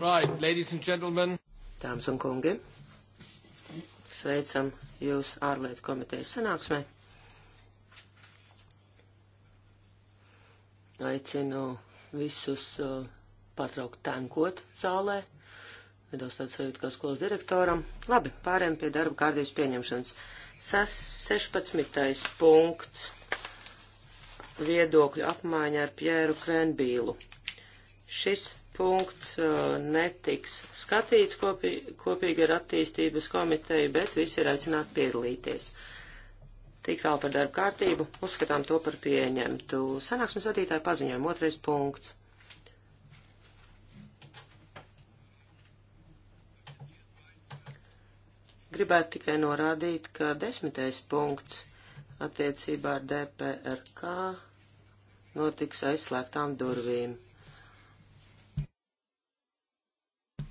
Right, ladies and gentlemen. Dāmas un kungi, sveicam jūs ārlietu komitejas sanāksmē. Aicinu visus uh, patraukt tankot zālē. Nedaudz tāds sajūta kā skolas direktoram. Labi, pārējām pie darba kārtības pieņemšanas. Sas 16. punkts viedokļu apmaiņa ar Pjēru Krenbīlu, Šis punkts uh, netiks skatīts kopī, kopīgi ar attīstības komiteju, bet visi ir aicināti piedalīties. Tik vēl par darbu kārtību, uzskatām to par pieņemtu. Sanāksmes vadītāju paziņojumu otrais punkts. Gribētu tikai norādīt, ka desmitais punkts attiecībā ar DPRK notiks aizslēgtām durvīm.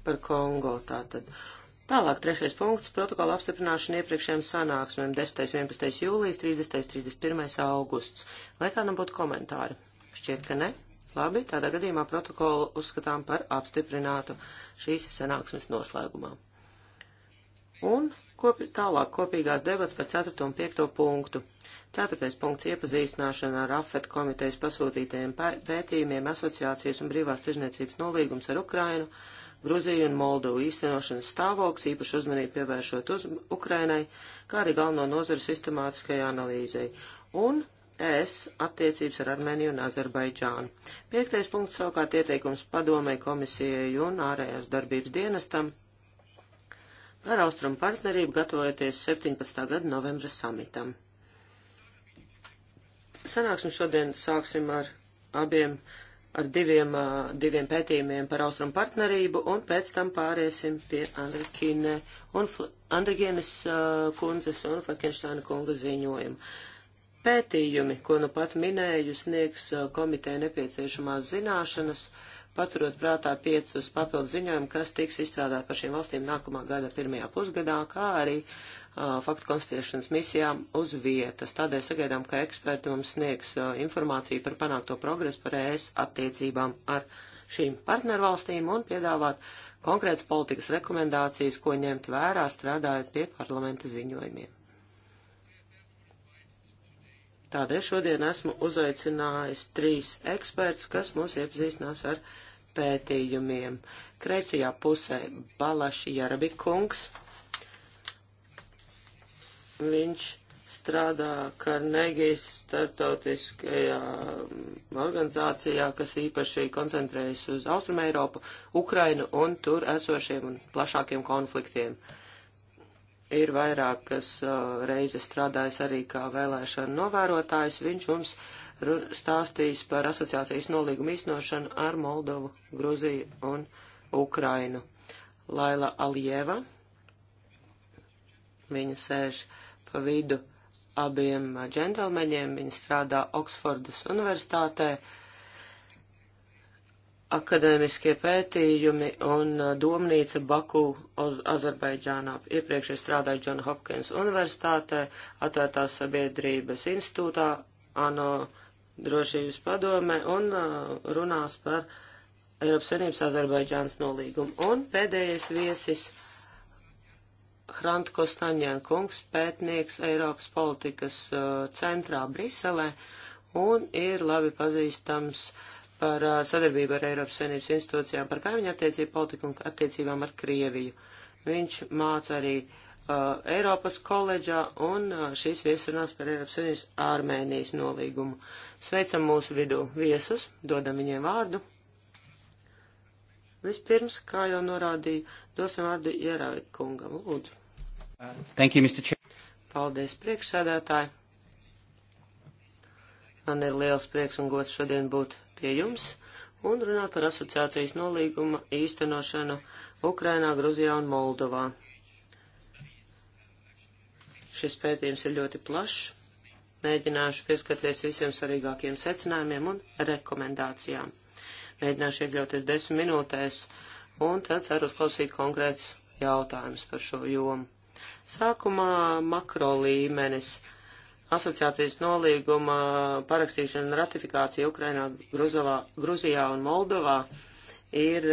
par Kongo tātad. Tālāk, trešais punkts - protokola apstiprināšana iepriekšējiem sanāksmēm 10. 11. jūlijas, 30. 31. augusts. Vai kādam būtu komentāri? Šķiet, ka ne. Labi, tādā gadījumā protokolu uzskatām par apstiprinātu šīs sanāksmes noslēgumā. Un kopi, tālāk kopīgās debats par 4. un 5. punktu. 4. punkts iepazīstināšana ar AFET komitejas pasūtītajiem pētījumiem asociācijas un brīvās tirzniecības nolīgums ar Ukrainu Gruziju un Moldovu īstenošanas stāvoklis, īpaši uzmanību pievēršot uz Ukrainai, kā arī galveno nozaru sistemātiskai analīzei, un ES attiecības ar Armēniju un Azerbaidžānu. Piektais punkts savukārt ieteikums padomē komisijai un ārējās darbības dienestam par austrumu partnerību gatavojoties 17. gada novembra samitam. Sanāksim šodien sāksim ar abiem ar diviem, diviem pētījumiem par austrumu partnerību, un pēc tam pāriesim pie Andrikine un Andrikienes kundzes un Falkenštāna kunga ziņojumu. Pētījumi, ko nu pat minēju, sniegs komiteja nepieciešamās zināšanas, paturot prātā piecus papildu ziņojumu, kas tiks izstrādāt par šīm valstīm nākamā gada pirmajā pusgadā, kā arī uh, faktu konstatēšanas misijām uz vietas. Tādēļ sagaidām, ka eksperti mums sniegs informāciju par panākto progresu par ES attiecībām ar šīm partnervalstīm un piedāvāt konkrētas politikas rekomendācijas, ko ņemt vērā strādājot pie parlamenta ziņojumiem. Tādēļ šodien esmu uzaicinājis trīs eksperts, kas mūs iepazīstinās ar pētījumiem. Kreisajā pusē Balaši Jarabikungs, Viņš strādā Karnegijas startautiskajā um, organizācijā, kas īpaši koncentrējas uz Austrum Eiropu, Ukrainu un tur esošiem un plašākiem konfliktiem. Ir vairākas uh, reizes strādājis arī kā vēlēšana novērotājs. Viņš mums stāstīs par asociācijas nolīgumu īstenošanu ar Moldovu, Gruziju un Ukrainu. Laila Alieva, viņa sēž uh, pa vidu abiem džentelmeņiem. Viņi strādā Oksfordas universitātē. Akadēmiskie pētījumi un uh, domnīca Baku Azerbaidžānā. Iepriekš es strādāju John Hopkins universitātē, atvērtās sabiedrības institūtā, ANO drošības padome un uh, runās par Eiropas Savienības Azerbaidžānas nolīgumu. Un pēdējais viesis Hrant Kostaņēn kungs, pētnieks Eiropas politikas uh, centrā Briselē un ir labi pazīstams par uh, sadarbību ar Eiropas Savienības institūcijām, par kaimiņu attiecību politiku un attiecībām ar Krieviju. Viņš māca arī uh, Eiropas koledžā un uh, šīs viesrunās par Eiropas Savienības Armēnijas nolīgumu. Sveicam mūsu vidū viesus, dodam viņiem vārdu Vispirms, kā jau norādīju, dosim vārdu ierauj kungam. Lūdzu. Thank you, Mr. Chair. Paldies, priekšsēdētāji. Man ir liels prieks un gods šodien būt pie jums un runāt par asociācijas nolīguma īstenošanu Ukrainā, Gruzijā un Moldovā. Šis pētījums ir ļoti plašs. Mēģināšu pieskarties visiem svarīgākiem secinājumiem un rekomendācijām. Mēģināšu iekļauties desmit minūtēs un tad ceru uzklausīt konkrētus jautājumus par šo jomu. Sākumā makro līmenis. Asociācijas nolīguma parakstīšana un ratifikācija Ukrainā, Gruzovā, Gruzijā un Moldovā ir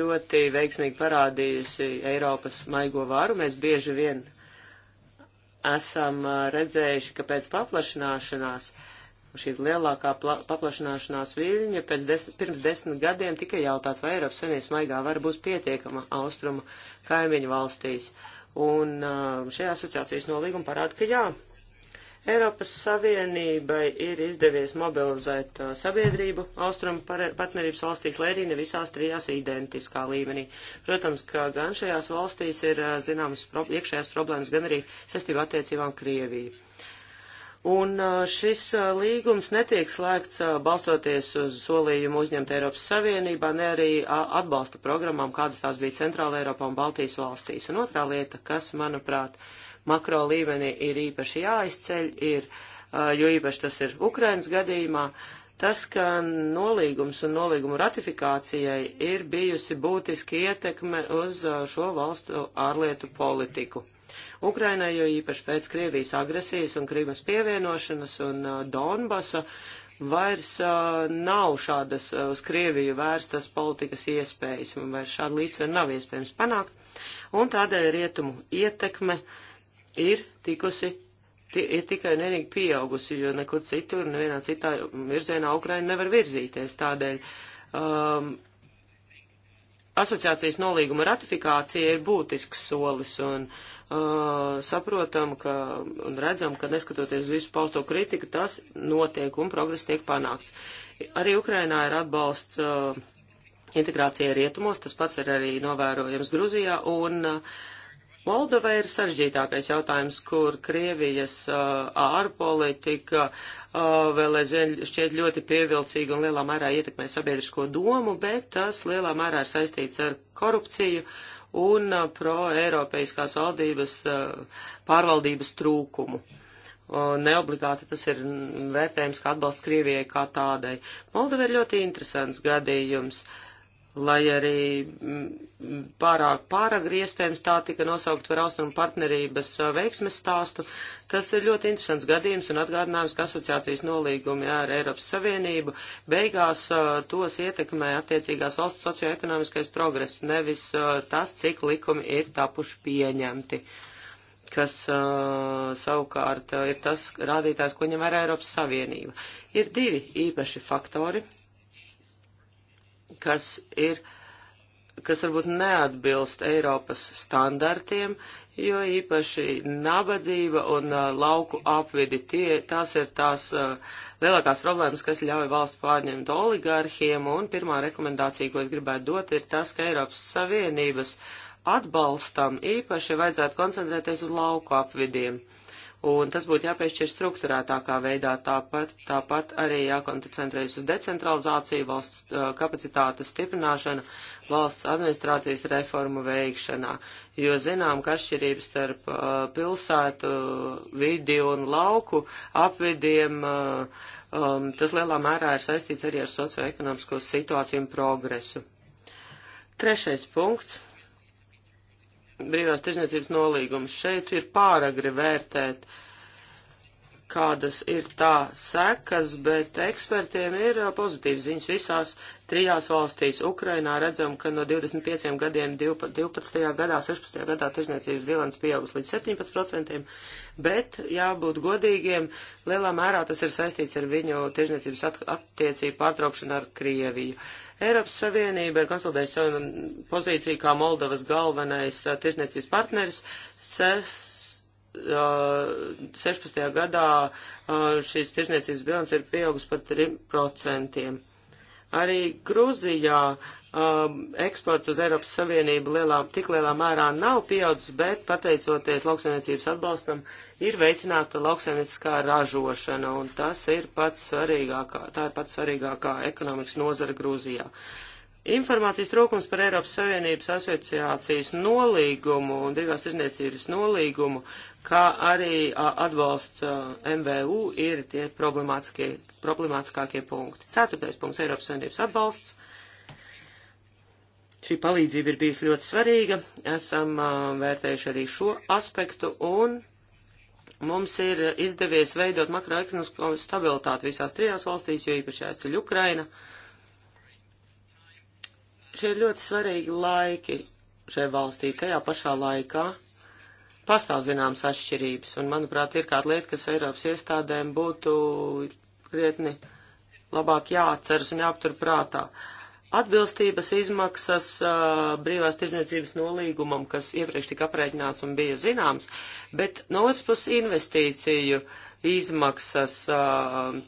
ļoti veiksmīgi parādījusi Eiropas maigo varu. Mēs bieži vien esam redzējuši, ka pēc paplašanāšanās uh, Un šī lielākā paplašanāšanās viļņa pēc des pirms desmit gadiem tika jautāts, vai Eiropas Savienības maigā var būs pietiekama austrumu kaimiņu valstīs. Un šajā asociācijas nolīguma parāda, ka jā. Eiropas Savienībai ir izdevies mobilizēt sabiedrību austrumu partnerības valstīs, lai arī ne visās trijās identiskā līmenī. Protams, ka gan šajās valstīs ir zināmas pro iekšējās problēmas, gan arī saistībā attiecībām Krieviju. Un šis līgums netiek slēgts balstoties uz solījumu uzņemt Eiropas Savienībā, ne arī atbalsta programmām, kādas tās bija Centrāla Eiropā un Baltijas valstīs. Un otrā lieta, kas, manuprāt, makro līmenī ir īpaši jāizceļ, ir, jo īpaši tas ir Ukrainas gadījumā, tas, ka nolīgums un nolīgumu ratifikācijai ir bijusi būtiski ietekme uz šo valstu ārlietu politiku. Ukrainai, jo īpaši pēc Krievijas agresijas un Krīmas pievienošanas un uh, Donbasa vairs uh, nav šādas uh, uz Krieviju vērstas politikas iespējas, un vairs šādu līdzsvaru nav iespējams panākt, un tādēļ rietumu ietekme ir tikusi, ir tikai un vienīgi pieaugusi, jo nekur citur, nevienā citā virzienā Ukraina nevar virzīties, tādēļ. Um, asociācijas nolīguma ratifikācija ir būtisks solis, un uh, saprotam ka, un redzam, ka neskatoties visu pausto kritiku, tas notiek un progress tiek panākts. Arī Ukrainā ir atbalsts uh, integrācijai rietumos, tas pats ir arī novērojams Gruzijā, un uh, Moldova ir sarežģītākais jautājums, kur Krievijas uh, ārpolitika uh, vēl aizvien šķiet ļoti pievilcīga un lielā mērā ietekmē sabiedrisko domu, bet tas lielā mērā ir saistīts ar korupciju. Uh, un uh, pro-eiropeiskās valdības uh, pārvaldības trūkumu. Uh, neobligāti tas ir vērtējums kā atbalsts Krievijai kā tādai. Moldova ir ļoti interesants gadījums. Uh, lai arī mm, pārāk pāragri iespējams tā tika nosaukt par austrumu partnerības uh, veiksmes stāstu. Tas ir ļoti interesants gadījums un atgādinājums, ka asociācijas nolīgumi ar Eiropas Savienību beigās uh, tos ietekmē attiecīgās valsts socioekonomiskais progress, nevis uh, tas, cik likumi ir tapuši pieņemti kas uh, savukārt ir tas rādītājs, ko ņem vērā Eiropas Savienība. Ir divi īpaši faktori, kas ir, kas varbūt neatbilst Eiropas standartiem, jo īpaši nabadzība un uh, lauku apvidi, tie, tās ir tās uh, lielākās problēmas, kas ļauj valsts pārņemt oligarhiem, un pirmā rekomendācija, ko es gribētu dot, ir tas, ka Eiropas Savienības atbalstam īpaši vajadzētu koncentrēties uz lauku apvidiem. Uh, un tas būtu jāpiešķir struktūrētākā veidā. Tāpat, tāpat arī jākoncentrējas uz decentralizāciju, valsts uh, kapacitātes stiprināšanu, valsts administrācijas reformu veikšanā, jo zinām, ka atšķirības starp uh, pilsētu vidi un lauku apvidiem, uh, um, tas lielā mērā ir saistīts arī ar socioekonomisko situāciju un progresu. Trešais punkts brīvās tirzniecības nolīgums. Šeit ir pāragri vērtēt, kādas ir tā sekas, bet ekspertiem ir uh, pozitīvas ziņas visās trijās valstīs. Ukrainā redzam, ka no 25 gadiem 12. gadā, 16. gadā tirzniecības bilants pieaugus līdz 17%, bet jābūt godīgiem, lielā mērā tas ir saistīts ar viņu tirzniecības attiecību pārtraukšanu ar Krieviju. Uh, Eiropas Savienība ir konsultējusi savu pozīciju kā Moldovas galvenais tirsniecības partneris. Ses, 16. gadā šīs tirsniecības bilants ir pieaugusi par 3%. Arī Grūzijā um, eksports uz Eiropas Savienību lielā, tik lielā mērā nav pieaudzis, bet pateicoties lauksaimniecības atbalstam, ir veicināta lauksaimnieciskā ražošana, un tas ir pats svarīgākā, tā ir pats svarīgākā ekonomikas nozara Grūzijā. Informācijas trūkums par Eiropas Savienības asociācijas nolīgumu un divās tirzniecības nolīgumu, kā arī a, atbalsts a, MVU ir tie problemātiskākie punkti. Ceturtais punkts - Eiropas Savienības atbalsts Šī palīdzība ir bijusi ļoti svarīga, esam vērtējuši arī šo aspektu un mums ir izdevies veidot makroekonomisko stabilitāti visās trijās valstīs, jo īpaši aizceļ Ukraina. Šie ir ļoti svarīgi laiki šai valstī. Tajā pašā laikā pastāv zināmas atšķirības, un, manuprāt, ir kāda lieta, kas Eiropas iestādēm būtu krietni labāk jāatceras un jāaptur prātā. Uh, Atbilstības izmaksas uh, brīvās tirdzniecības nolīgumam, kas iepriekš tika aprēķināts un bija zināms, bet no otras puses investīciju izmaksas uh,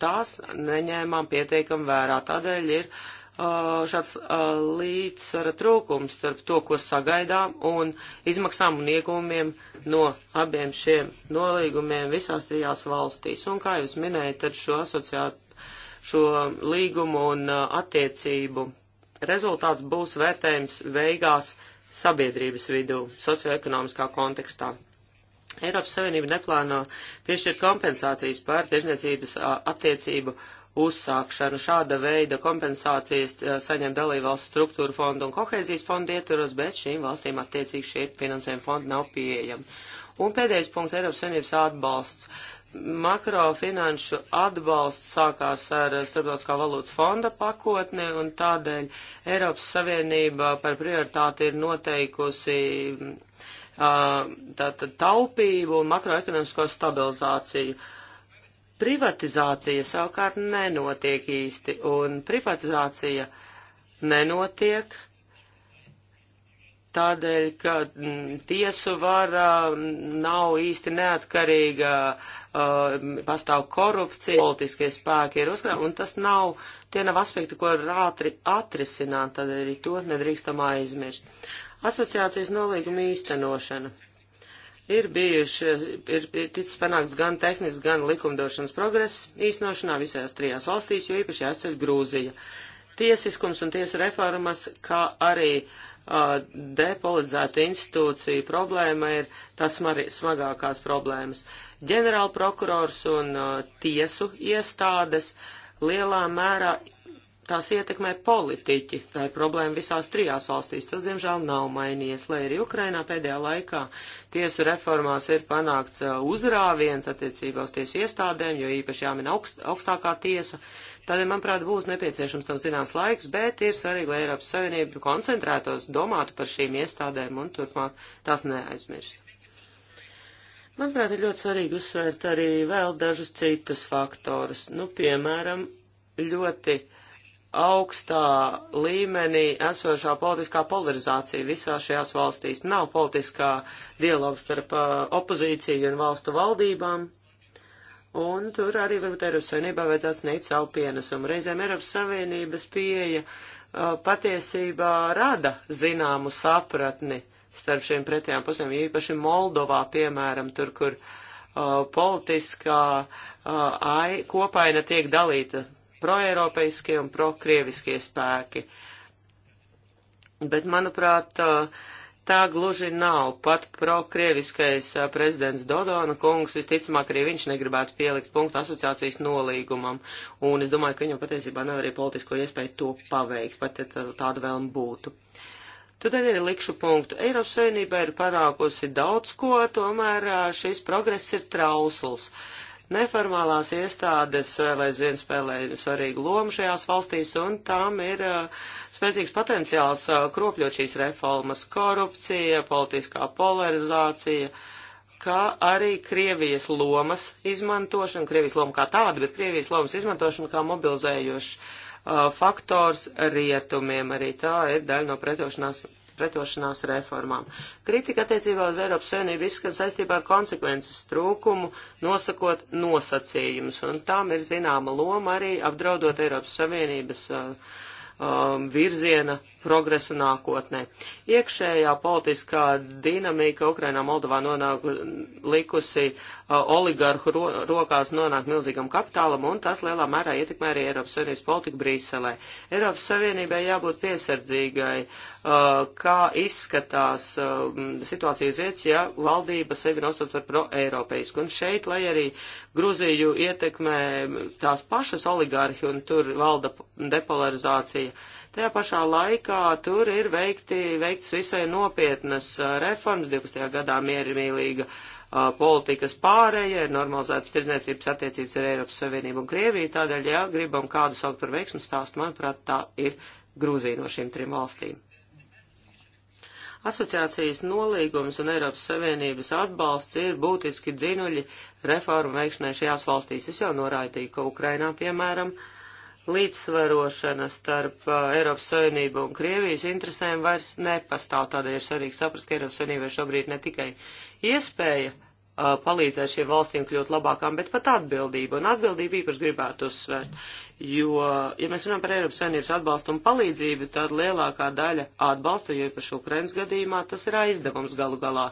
tās neņēmām pietiekam vērā. Tādēļ ir uh, šāds uh, līdzsvara trūkums starp to, ko sagaidām un izmaksām un iegūmiem no abiem šiem nolīgumiem visās trijās valstīs. Un kā jūs minējat, tad šo asociāciju šo līgumu un attiecību Rezultāts būs vērtējums veigās sabiedrības vidū, socioekonomiskā kontekstā. Eiropas Savienība neplāno piešķirt kompensācijas par tirzniecības attiecību uzsākšanu. Šāda veida kompensācijas saņem dalībvalsts struktūra fondu un kohēzijas fondu ietvaros, bet šīm valstīm attiecīgi šie finansējuma fondi nav pieejami. Un pēdējais punkts - Eiropas Savienības atbalsts makrofinanšu atbalsts sākās ar Starptautiskā valūtas fonda pakotni, un tādēļ Eiropas Savienība par prioritāti ir noteikusi tātad taupību un makroekonomisko stabilizāciju. Privatizācija savukārt nenotiek īsti, un privatizācija nenotiek tādēļ, ka mm, tiesu vara mm, nav īsti neatkarīga, uh, pastāv korupcija, politiskie spēki ir uzkrājumi, un tas nav, tie nav aspekti, ko ir ātri atrisināt, tādēļ arī to nedrīkstam aizmirst. Asociācijas nolīguma īstenošana. Ir bijuši, ir, ir ticis panākts gan tehnisks, gan likumdošanas progress īstenošanā visās trijās valstīs, jo īpaši jāceļ Grūzija. Tiesiskums un tiesu reformas, kā arī uh, depolizētu institūciju problēma ir tas smagākās problēmas. Ģenerāla prokurors un tiesu iestādes lielā mērā tās ietekmē politiķi. Tā ir problēma visās trijās valstīs. Tas, diemžēl, nav mainījies, lai arī Ukrainā pēdējā laikā tiesu reformās ir panākts uh, uzrāviens attiecībā uz tiesu iestādēm, jo īpaši jāmin augst, augstākā tiesa. Tādēļ, manuprāt, būs nepieciešams tam zināms laiks, bet ir svarīgi, lai Eiropas Savienība koncentrētos, domātu par šīm iestādēm un turpmāk tās neaizmirst. Manuprāt, ir ļoti svarīgi uzsvērt arī vēl dažus citus faktorus. Nu, piemēram, ļoti uh, augstā līmenī esošā politiskā polarizācija visā šajās valstīs. Nav politiskā dialoga starp uh, opozīciju un valstu valdībām. Un tur arī varbūt Eiropas Savienībā vajadzētu sniegt savu pienesumu. Reizēm Eiropas Savienības pieeja uh, patiesībā rada zināmu sapratni starp šiem pretējām pusēm, īpaši Moldovā, piemēram, tur, kur uh, politiskā uh, ai, kopaina tiek dalīta proeiropeiskie un prokrieviskie spēki. Bet, manuprāt, tā gluži nav. Pat prokrieviskais prezidents Dodona kungs, visticamāk, arī viņš negribētu pielikt punktu asociācijas nolīgumam, un es domāju, ka viņam patiesībā nav arī politisko iespēju to paveikt, pat tāda vēlme būtu. Tad arī likšu punktu. Eiropas Savienība ir panākusi daudz ko, tomēr šis progress ir trausls. Uh, Neformālās iestādes vēl aizvien spēlē svarīgu lomu šajās valstīs, un tām ir uh, spēcīgs potenciāls uh, kropļot šīs reformas - korupcija, politiskā polarizācija, kā arī Krievijas lomas izmantošana, Krievijas loma kā tāda, bet Krievijas lomas izmantošana kā mobilizējošs uh, faktors rietumiem. Arī tā ir daļa no pretošanās pretošanās reformām. Kritika attiecībā uz Eiropas Savienību izskan saistībā ar konsekvences trūkumu, nosakot nosacījumus, un tam ir zināma loma arī apdraudot Eiropas Savienības uh, um, virziena progresu nākotnē. Iekšējā politiskā dinamika Ukrainā Moldovā nonāk likusi uh, oligarhu ro rokās nonāk milzīgam kapitālam, un tas lielā mērā ietekmē arī Eiropas Savienības politiku Brīselē. Eiropas Savienībai jābūt piesardzīgai, uh, kā izskatās uh, situācija uz vietas, ja valdība sevi nosauc par pro-eiropeisku. Un šeit, lai arī Gruziju ietekmē tās pašas oligarhi un tur valda depolarizācija, Tajā pašā laikā tur ir veikti, veikts visai nopietnas reformas, 12. gadā mierimīlīga politikas pārēja, ir normalizētas tirzniecības attiecības ar Eiropas Savienību un Krieviju, tādēļ, ja gribam kādu saukt par veiksmu stāstu, manuprāt, tā ir Grūzija no šīm trim valstīm. Asociācijas nolīgums un Eiropas Savienības atbalsts ir būtiski dzinuļi reformu veikšanai šajās valstīs. Es jau noraidīju, ka Ukrainā, piemēram, uh, līdzsvarošana starp uh, Eiropas Savienību un Krievijas interesēm vairs nepastāv. Tādēļ ir svarīgi saprast, ka Eiropas Savienībai šobrīd ne tikai iespēja uh, palīdzēt šīm valstīm kļūt labākām, bet pat atbildība. Un atbildība īpaši gribētu uzsvērt. Jo, ja mēs runājam par Eiropas Savienības atbalstu un palīdzību, tad lielākā daļa atbalsta, jo īpaši Ukrainas gadījumā, tas ir aizdevums galu galā.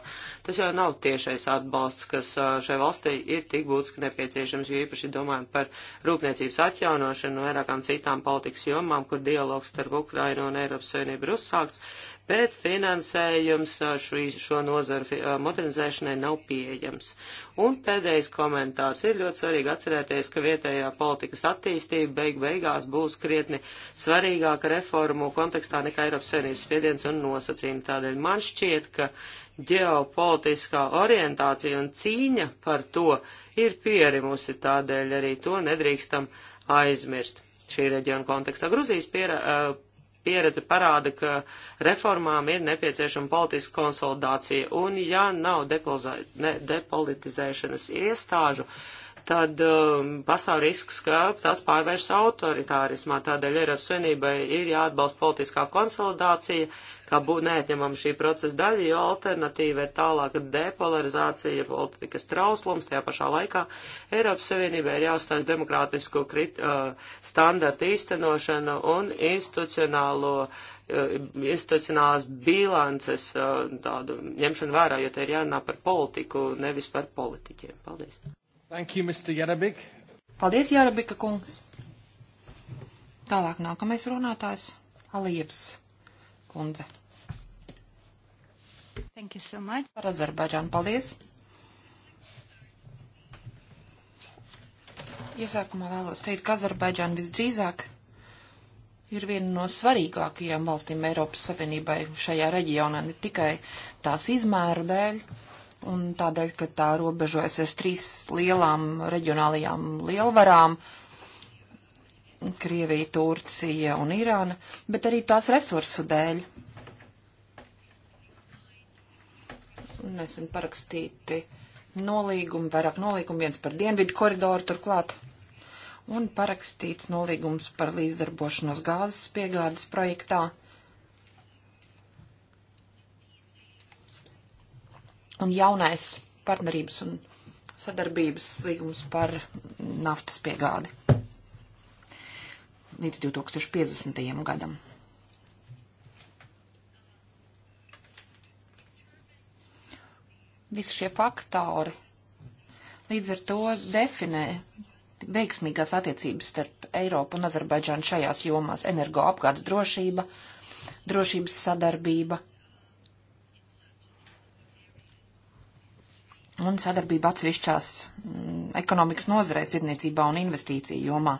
Tas jau nav tiešais atbalsts, kas šai valstī ir tik būtiski nepieciešams, jo īpaši domājam par rūpniecības atjaunošanu un vairākām citām politikas jomām, kur dialogs starp Ukrainu un Eiropas Savienību ir uzsākts bet finansējums uh, šo, šo nozaru uh, modernizēšanai nav pieejams. Un pēdējais komentārs ir ļoti svarīgi atcerēties, ka vietējā politikas attīstība beig beigās būs krietni svarīgāka reformu kontekstā nekā Eiropas Savienības spiediens un nosacījumi. Tādēļ man šķiet, ka ģeopolitiskā orientācija un cīņa par to ir pierimusi, tādēļ arī to nedrīkstam aizmirst. Šī reģiona kontekstā Gruzijas piera, uh, pieredze parāda, ka reformām ir nepieciešama politiska konsolidācija, un ja nav ne, depolitizēšanas iestāžu, uh, tad um, pastāv risks, ka tas pārvērš autoritārismā. Tādēļ Eiropas Savienībai ir jāatbalsta politiskā konsolidācija, kā būt neatņemama šī procesa daļa, jo alternatīva ir tālāka depolarizācija, politikas trauslums. Tajā pašā laikā Eiropas Savienībai ir jāuzstāj demokrātisku krit, uh, standartu īstenošanu un institucionālo uh, institucionālās bilances uh, tādu ņemšanu vērā, jo te ir jārunā par politiku, nevis par politiķiem. Paldies! Thank you, Mr. Jarabik. Paldies, Jarabika kungs. Tālāk nākamais runātājs - Alievs kundze. Thank you so much. Par Azerbaidžānu paldies. Iesākumā vēlos teikt, ka Azerbaidžāna visdrīzāk ir viena no svarīgākajām valstīm Eiropas Savienībai šajā reģionā, ne tikai tās izmēru dēļ, un tādēļ, ka tā robežojas ar trīs lielām reģionālajām lielvarām - Krievija, Turcija un Irāna, bet arī tās resursu dēļ. Nesen parakstīti nolīgumi, vairāk nolīgumi, viens par dienvidu koridoru turklāt, un parakstīts nolīgums par līdzdarbošanos gāzes piegādes projektā un jaunais partnerības un sadarbības līgums par naftas piegādi līdz 2050. gadam. Visi šie faktori līdz ar to definē veiksmīgās attiecības starp Eiropu un Azerbaidžānu šajās jomās - energo apgādes drošība, drošības sadarbība un sadarbība atsevišķās mm, ekonomikas nozarēs, tirdzniecībā un investīciju jomā.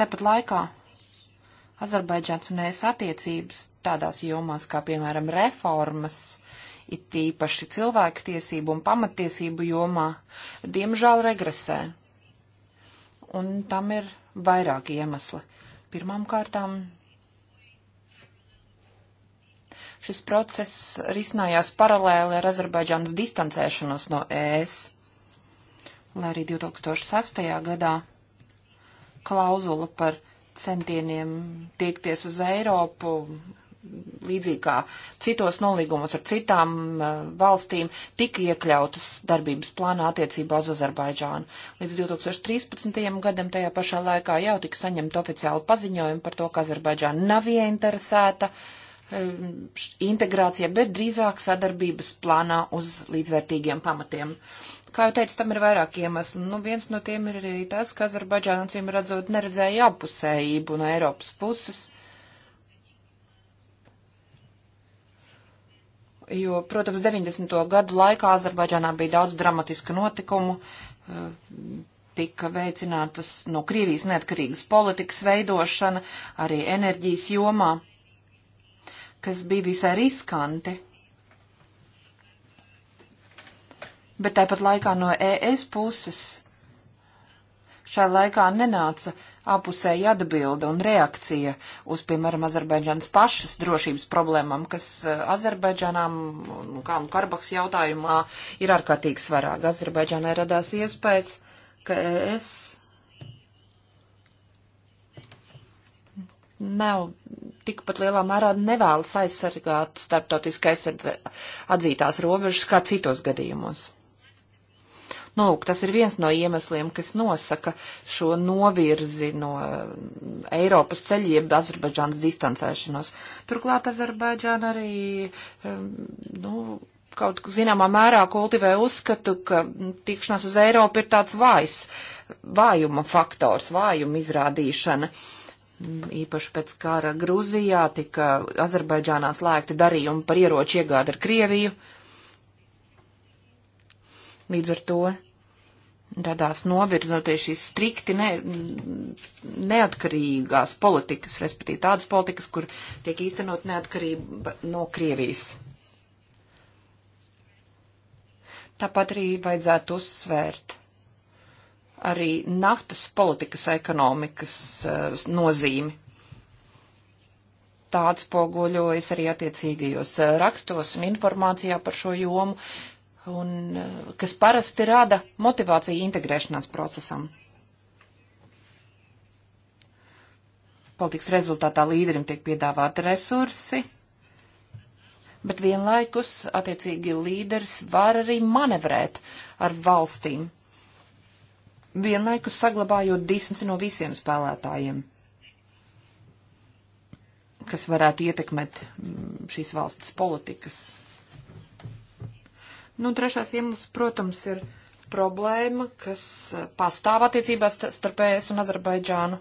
Tāpat laikā Azerbaidžāns un ES attiecības tādās jomās kā, piemēram, reformas, it īpaši cilvēku tiesību un pamatiesību jomā, diemžēl regresē. Un tam ir vairāki iemesli. Pirmām kārtām Šis process risinājās paralēli ar Azerbaidžānas distancēšanos no ES, lai arī 2006. gadā klauzula par centieniem tiekties uz Eiropu līdzīgi kā citos nolīgumos ar citām eh, valstīm, tika iekļautas darbības plānā attiecībā uz Azerbaidžānu. Līdz 2013. gadam tajā pašā laikā jau tika saņemta oficiāla paziņojuma par to, ka Azerbaidžāna nav ieinteresēta uh, Um, integrācija, bet drīzāk sadarbības plānā uz līdzvērtīgiem pamatiem. Kā jau teicu, tam ir vairāk iemeslu. Nu, viens no tiem ir arī tāds, ka Azerbaidžāna cīm redzot neredzēja apusējību no Eiropas puses. Jo, protams, 90. gadu laikā Azerbaidžānā bija daudz dramatiska notikumu, uh, tika veicinātas no Krievijas neatkarīgas politikas veidošana, arī enerģijas jomā kas bija visai riskanti. Bet tāpat laikā no ES puses šai laikā nenāca apusēja atbilde un reakcija uz, piemēram, Azerbaidžanas pašas drošības problēmām, kas eh, Azerbaidžanām, nu, kā nu Karbaks jautājumā, ir ārkārtīgi svarīga. Azerbaidžanai radās iespējas, ka es nav tikpat lielā mērā nevēlas aizsargāt starptautiski atzītās robežas kā citos gadījumos. Nu, lūk, tas ir viens no iemesliem, kas nosaka šo novirzi no eh, Eiropas ceļiem Azerbaidžānas distancēšanos. Turklāt Azerbaidžāna arī, nu, kaut zināmā mērā kultivē uzskatu, ka tikšanās uz Eiropu ir tāds vājs, vājuma faktors, vājuma izrādīšana. Uh, Īpaši pēc kara Grūzijā tika Azerbaidžānā slēgti darījumi par ieroču iegādi ar Krieviju. Līdz ar to radās novirzoties šīs strikti ne, neatkarīgās politikas, respektīvi tādas politikas, kur tiek īstenot neatkarība no Krievijas. Tāpat arī vajadzētu uzsvērt arī naftas politikas ekonomikas uh, nozīmi. Tā atspoguļojas arī attiecīgajos eh, rakstos un informācijā par šo jomu, un, uh, kas parasti rada motivāciju integrēšanās procesam. Politikas rezultātā līderim tiek piedāvāti resursi, bet vienlaikus attiecīgi līderis var arī manevrēt ar valstīm vienlaikus saglabājot distanci no visiem spēlētājiem, kas varētu ietekmēt mm, šīs valsts politikas. Nu, trešais iemesls, protams, ir problēma, kas eh, pastāv attiecībās starp ES un Azerbaidžānu.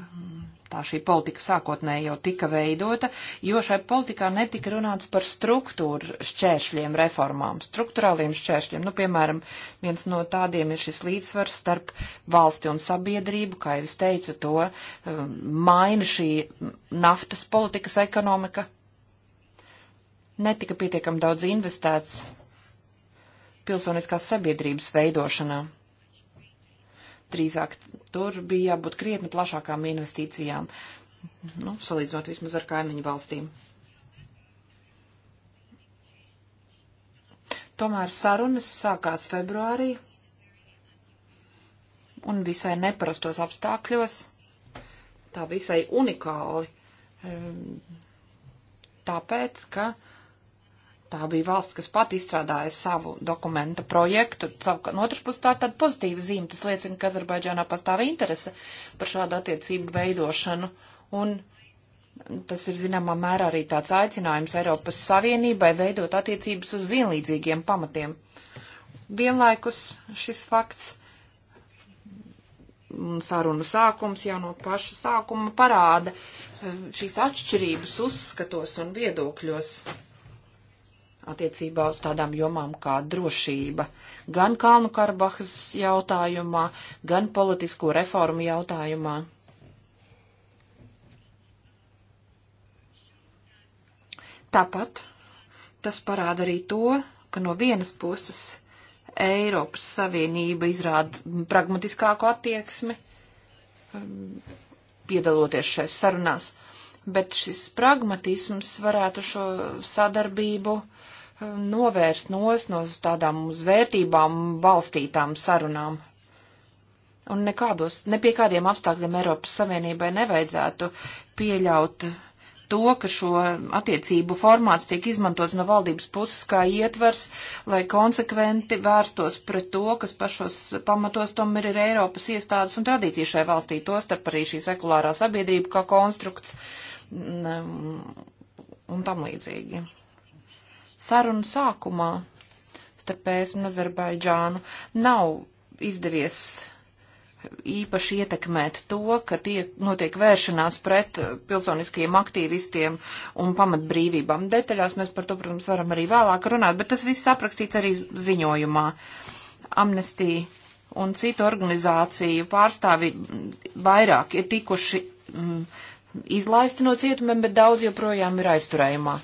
Um, tā šī politika sākotnēji jau tika veidota, jo šai politikā netika runāts par struktūru šķēršļiem reformām, struktūrāliem šķēršļiem. Nu, piemēram, viens no tādiem ir šis līdzsvars starp valsti un sabiedrību, kā jau es teicu, to um, maina šī naftas politikas ekonomika. Netika pietiekam daudz investēts pilsoniskās sabiedrības veidošanā drīzāk tur bija jābūt krietni plašākām investīcijām, nu, salīdzinot vismaz ar kaimiņu valstīm. Tomēr sarunas sākās februārī un visai neparastos apstākļos, tā visai unikāli, ehm, tāpēc, ka Tā bija valsts, kas pati izstrādāja savu dokumentu projektu. Savukārt, no otras puses, tā ir tāda pozitīva zīme. Tas liecina, ka Azerbaidžānā pastāv interese par šādu attiecību veidošanu. Un tas ir, zināmā mērā, arī tāds aicinājums Eiropas Savienībai veidot attiecības uz vienlīdzīgiem pamatiem. Vienlaikus šis fakts sarunu sākums jau no paša sākuma parāda eh, šīs atšķirības uzskatos un viedokļos attiecībā uz tādām jomām kā drošība, gan Kalnu Karabahas jautājumā, gan politisko reformu jautājumā. Tāpat tas parāda arī to, ka no vienas puses Eiropas Savienība izrāda pragmatiskāku attieksmi, um, piedaloties šais sarunās, bet šis pragmatisms varētu šo sadarbību uh, Um, novērst nos no tādām uz vērtībām balstītām sarunām. Un nekādos, ne pie kādiem apstākļiem Eiropas Savienībai nevajadzētu pieļaut to, ka šo attiecību formāts tiek izmantots no valdības puses kā ietvers, lai konsekventi vērstos pret to, kas pašos pamatos tomēr ir Eiropas iestādes un tradīcija šai valstī, tostarp arī šī sekulārā sabiedrība kā konstrukts mm, um, un tam līdzīgi sarunu sākumā starp ES un Azerbaidžānu nav izdevies īpaši ietekmēt to, ka tie notiek vēršanās pret pilsoniskajiem aktīvistiem un pamatbrīvībām. Detaļās mēs par to, protams, varam arī vēlāk runāt, bet tas viss aprakstīts arī ziņojumā. Amnestī un citu organizāciju pārstāvi vairāk ir tikuši mm, izlaisti no cietumiem, bet daudz joprojām ir aizturējumā.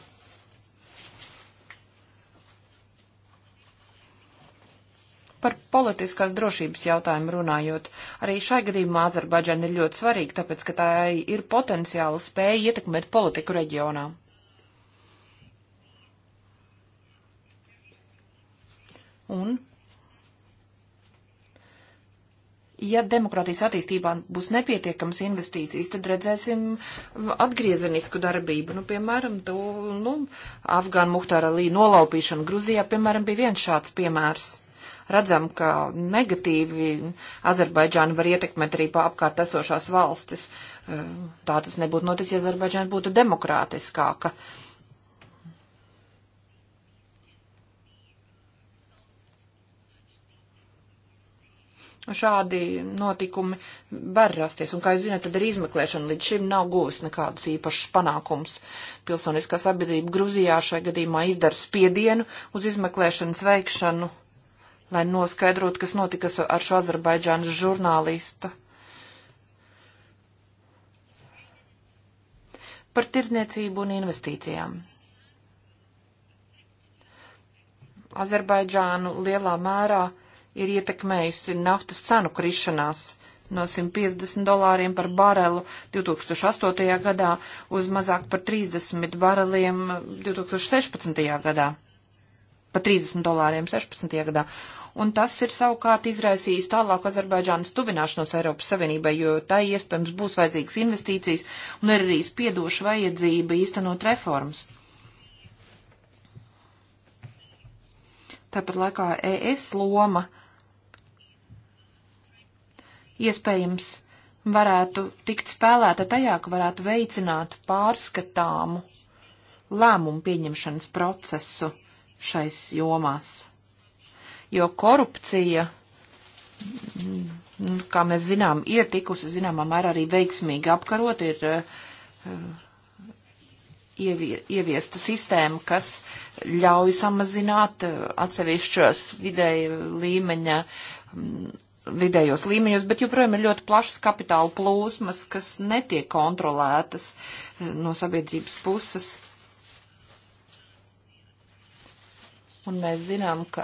Par politiskās drošības jautājumu runājot, arī šai gadījumā Azerbaidžana ir ļoti svarīga, tāpēc, ka tā ir potenciāla spēja ietekmēt politiku reģionā. Un ja demokrātijas attīstībā būs nepietiekams investīcijas, tad redzēsim atgriezenisku darbību. Nu, piemēram, to, nu, Afgānu Muhtāra Lī nolaupīšana Gruzijā, piemēram, bija viens šāds piemērs redzam, ka negatīvi Azerbaidžāna var ietekmēt arī pa apkārt esošās valstis. Eh, tā tas nebūtu noticis, ja Azerbaidžāna būtu demokrātiskāka. Šādi notikumi var rasties, un, kā jūs zināt, tad arī izmeklēšana līdz šim nav guvusi nekādus īpašus panākums. Pilsoniskā sabiedrība Gruzijā šai gadījumā izdara spiedienu uz izmeklēšanas veikšanu, lai noskaidrotu, kas notika ar šo Azerbaidžānas žurnālistu. Par tirdzniecību un investīcijām. Azerbaidžānu lielā mērā ir ietekmējusi naftas cenu krišanās no 150 dolāriem par barelu 2008. gadā uz mazāk par 30 bareliem 2016. gadā pa 30 dolāriem 16. gadā. Un tas ir savukārt izraisījis tālāk Azerbaidžānas tuvināšanos Eiropas Savienībai, jo tai iespējams būs vajadzīgas investīcijas un ir arī spiedoša vajadzība īstenot reformas. Tāpat laikā ES loma iespējams varētu tikt spēlēta tajā, ka varētu veicināt pārskatāmu lēmumu pieņemšanas procesu šais jomās. Jo korupcija, mm, kā mēs zinām, ir tikusi zināmā mērā arī veiksmīgi apkarot, ir eh, ieviesta sistēma, kas ļauj samazināt eh, atsevišķos vidēja līmeņa, mm, vidējos līmeņos, bet joprojām ir ļoti plašas kapitāla plūsmas, kas netiek kontrolētas eh, no sabiedrības puses. Un mēs zinām, ka,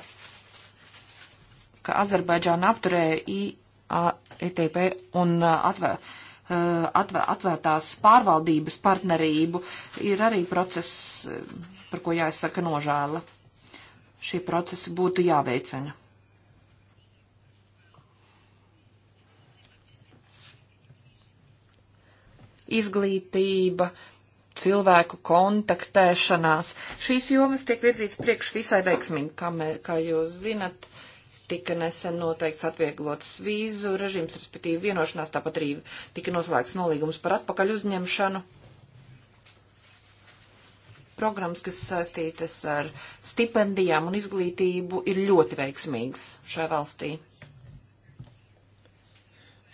ka Azerbaidžāna apturēja IATP e un atvē, uh, atvē, uh, atvērtās pārvaldības partnerību. Ir arī process, uh, par ko jāizsaka nožēla. Šie procesi būtu jāveicina. izglītība, uh, cilvēku kontaktēšanās. Šīs jomas tiek virzīts priekš visai veiksmīgi, kā, mē, kā jūs zinat, tika nesen noteikts atvieglots vīzu režīms, respektīvi vienošanās, tāpat arī tika noslēgts nolīgums par atpakaļ uzņemšanu. Programmas, kas saistītas ar stipendijām un izglītību, ir ļoti veiksmīgas šajā valstī.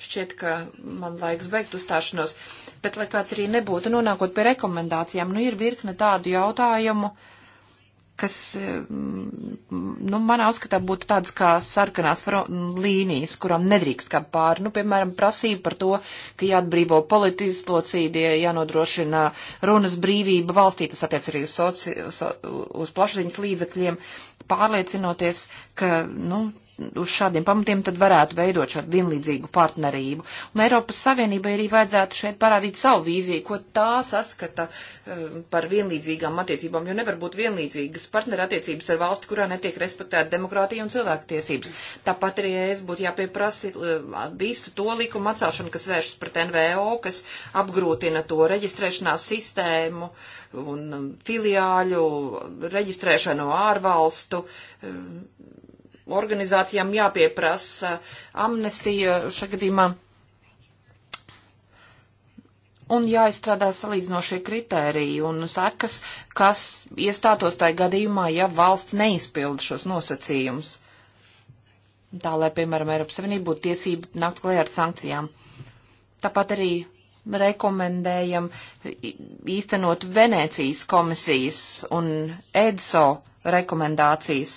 Šķiet, ka man laiks beigt uzstāšanos, bet lai kāds arī nebūtu nonākot pie rekomendācijām, nu ir virkne tādu jautājumu, kas, mm, nu, manā uzskatā būtu tādas kā sarkanās līnijas, kurām nedrīkst kā pāri. Nu, piemēram, prasība par to, ka jāatbrīvo politizlocīdie, jānodrošina runas brīvība valstī, tas attiec arī uz, soci, uz, uz plašsaziņas līdzekļiem, pārliecinoties, ka, nu, uz šādiem pamatiem tad varētu veidot šādu vienlīdzīgu partnerību. Un Eiropas Savienībai arī vajadzētu šeit parādīt savu vīziju, ko tā saskata um, par vienlīdzīgām attiecībām, jo nevar būt vienlīdzīgas partnerattiecības ar valsti, kurā netiek respektēta demokrātija un cilvēktiesības. Tāpat arī es būtu jāpieprasa um, visu to likumu atcelšanu, kas vēršas pret NVO, kas apgrūtina to reģistrēšanās sistēmu un um, filiāļu reģistrēšanu ārvalstu organizācijām jāpieprasa amnestija šajā gadījumā un jāizstrādā salīdzinošie kritēriji un sekas, kas iestātos tajā gadījumā, ja valsts neizpilda šos nosacījumus. Tā, lai, piemēram, Eiropas Savienība būtu tiesība nākt klajā ar sankcijām. Tāpat arī rekomendējam īstenot Venēcijas komisijas un EDSO rekomendācijas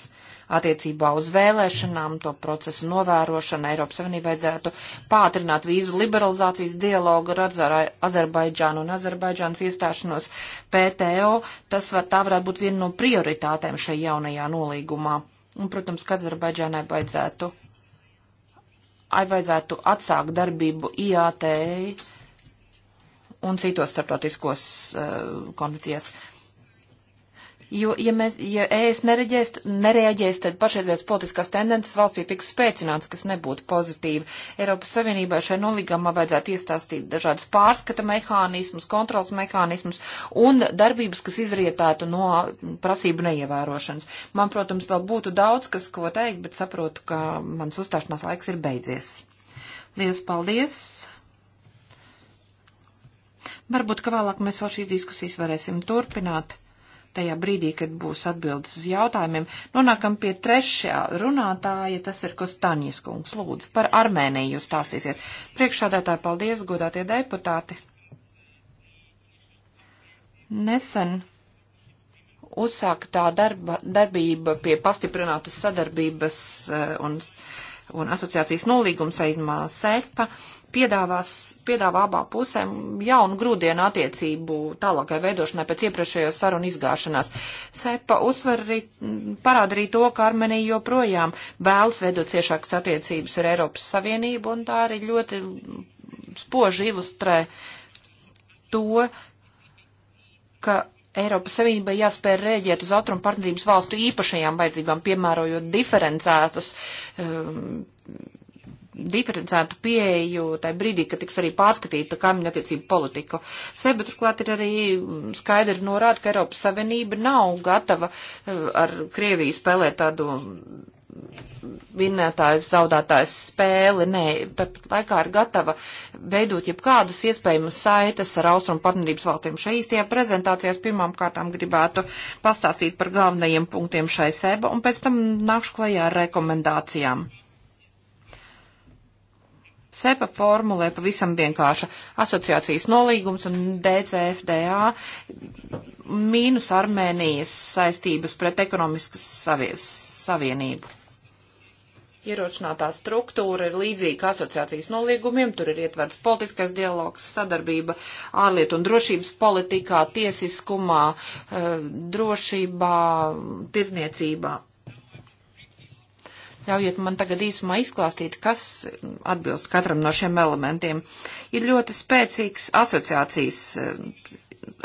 attiecībā uz vēlēšanām, to procesu novērošanu. Eiropas Savienība vajadzētu pātrināt vīzu liberalizācijas dialogu ar Azerbaidžānu un Azerbaidžānas iestāšanos PTO. Tas var, tā varētu būt viena no prioritātēm šajā jaunajā nolīgumā. Un, protams, ka Azerbaidžānai vajadzētu, ai vajadzētu atsākt darbību IATI un citos starptautiskos uh, eh, konfliktijās jo, ja, mēs, ja ES nereģēs, nereaģēs, tad pašreizējās politiskās tendences valstī tiks spēcināts, kas nebūtu pozitīvi. Eiropas Savienībā šai nolīgumā vajadzētu iestāstīt dažādus pārskata mehānismus, kontrols mehānismus un darbības, kas izrietētu no prasību neievērošanas. Man, protams, vēl būtu daudz, kas ko teikt, bet saprotu, ka mans uzstāšanās laiks ir beidzies. Lielas paldies! Varbūt, ka vēlāk mēs vēl šīs diskusijas varēsim turpināt tajā brīdī, kad būs atbildes uz jautājumiem. Nonākam pie trešā runātāja, tas ir Kostaņas kungs. Lūdzu, par Armēniju jūs stāstīsiet. Priekšādētāji, paldies, godātie deputāti. Nesen uzsāktā darba, darbība pie pastiprinātas sadarbības eh, un, un asociācijas nolīgums aizmā SEPA piedāvās, piedāvā abām pusēm jaunu grūdienu attiecību tālākai veidošanai pēc iepriekšējās sarunu izgāšanās. Sepa uzsver arī, parāda arī to, ka Armenija joprojām vēlas veidot ciešākas attiecības ar Eiropas Savienību, un tā arī ļoti spoži ilustrē to, ka Eiropas Savienībai jāspēj rēģēt uz austrumu partnerības valstu īpašajām vajadzībām, piemērojot diferencētus um, diferencētu pieeju tajā brīdī, kad tiks arī pārskatīta kaimiņa attiecību politika. Sebe turklāt ir arī skaidri norāda, ka Eiropas Savienība nav gatava eh, ar Krieviju spēlēt tādu vinnētājs, zaudētājs spēli, nē, tāpat laikā ir gatava veidot jebkādas iespējamas saites ar austrumu partnerības valstīm. Šajās tie prezentācijās pirmām kārtām gribētu pastāstīt par galvenajiem punktiem šai seba, un pēc tam nākšu klajā ar rekomendācijām. SEPA formulē pavisam vienkārša asociācijas nolīgums un DCFDA mīnus Armēnijas saistības pret ekonomiskas savies, savienību. Ieročinātā struktūra ir līdzīga asociācijas nolīgumiem, tur ir ietverts politiskais dialogs, sadarbība ārlietu un drošības politikā, tiesiskumā, eh, drošībā, tirniecībā Ļaujiet man tagad īsumā izklāstīt, kas atbilst katram no šiem elementiem. Ir ļoti spēcīgs asociācijas, eh,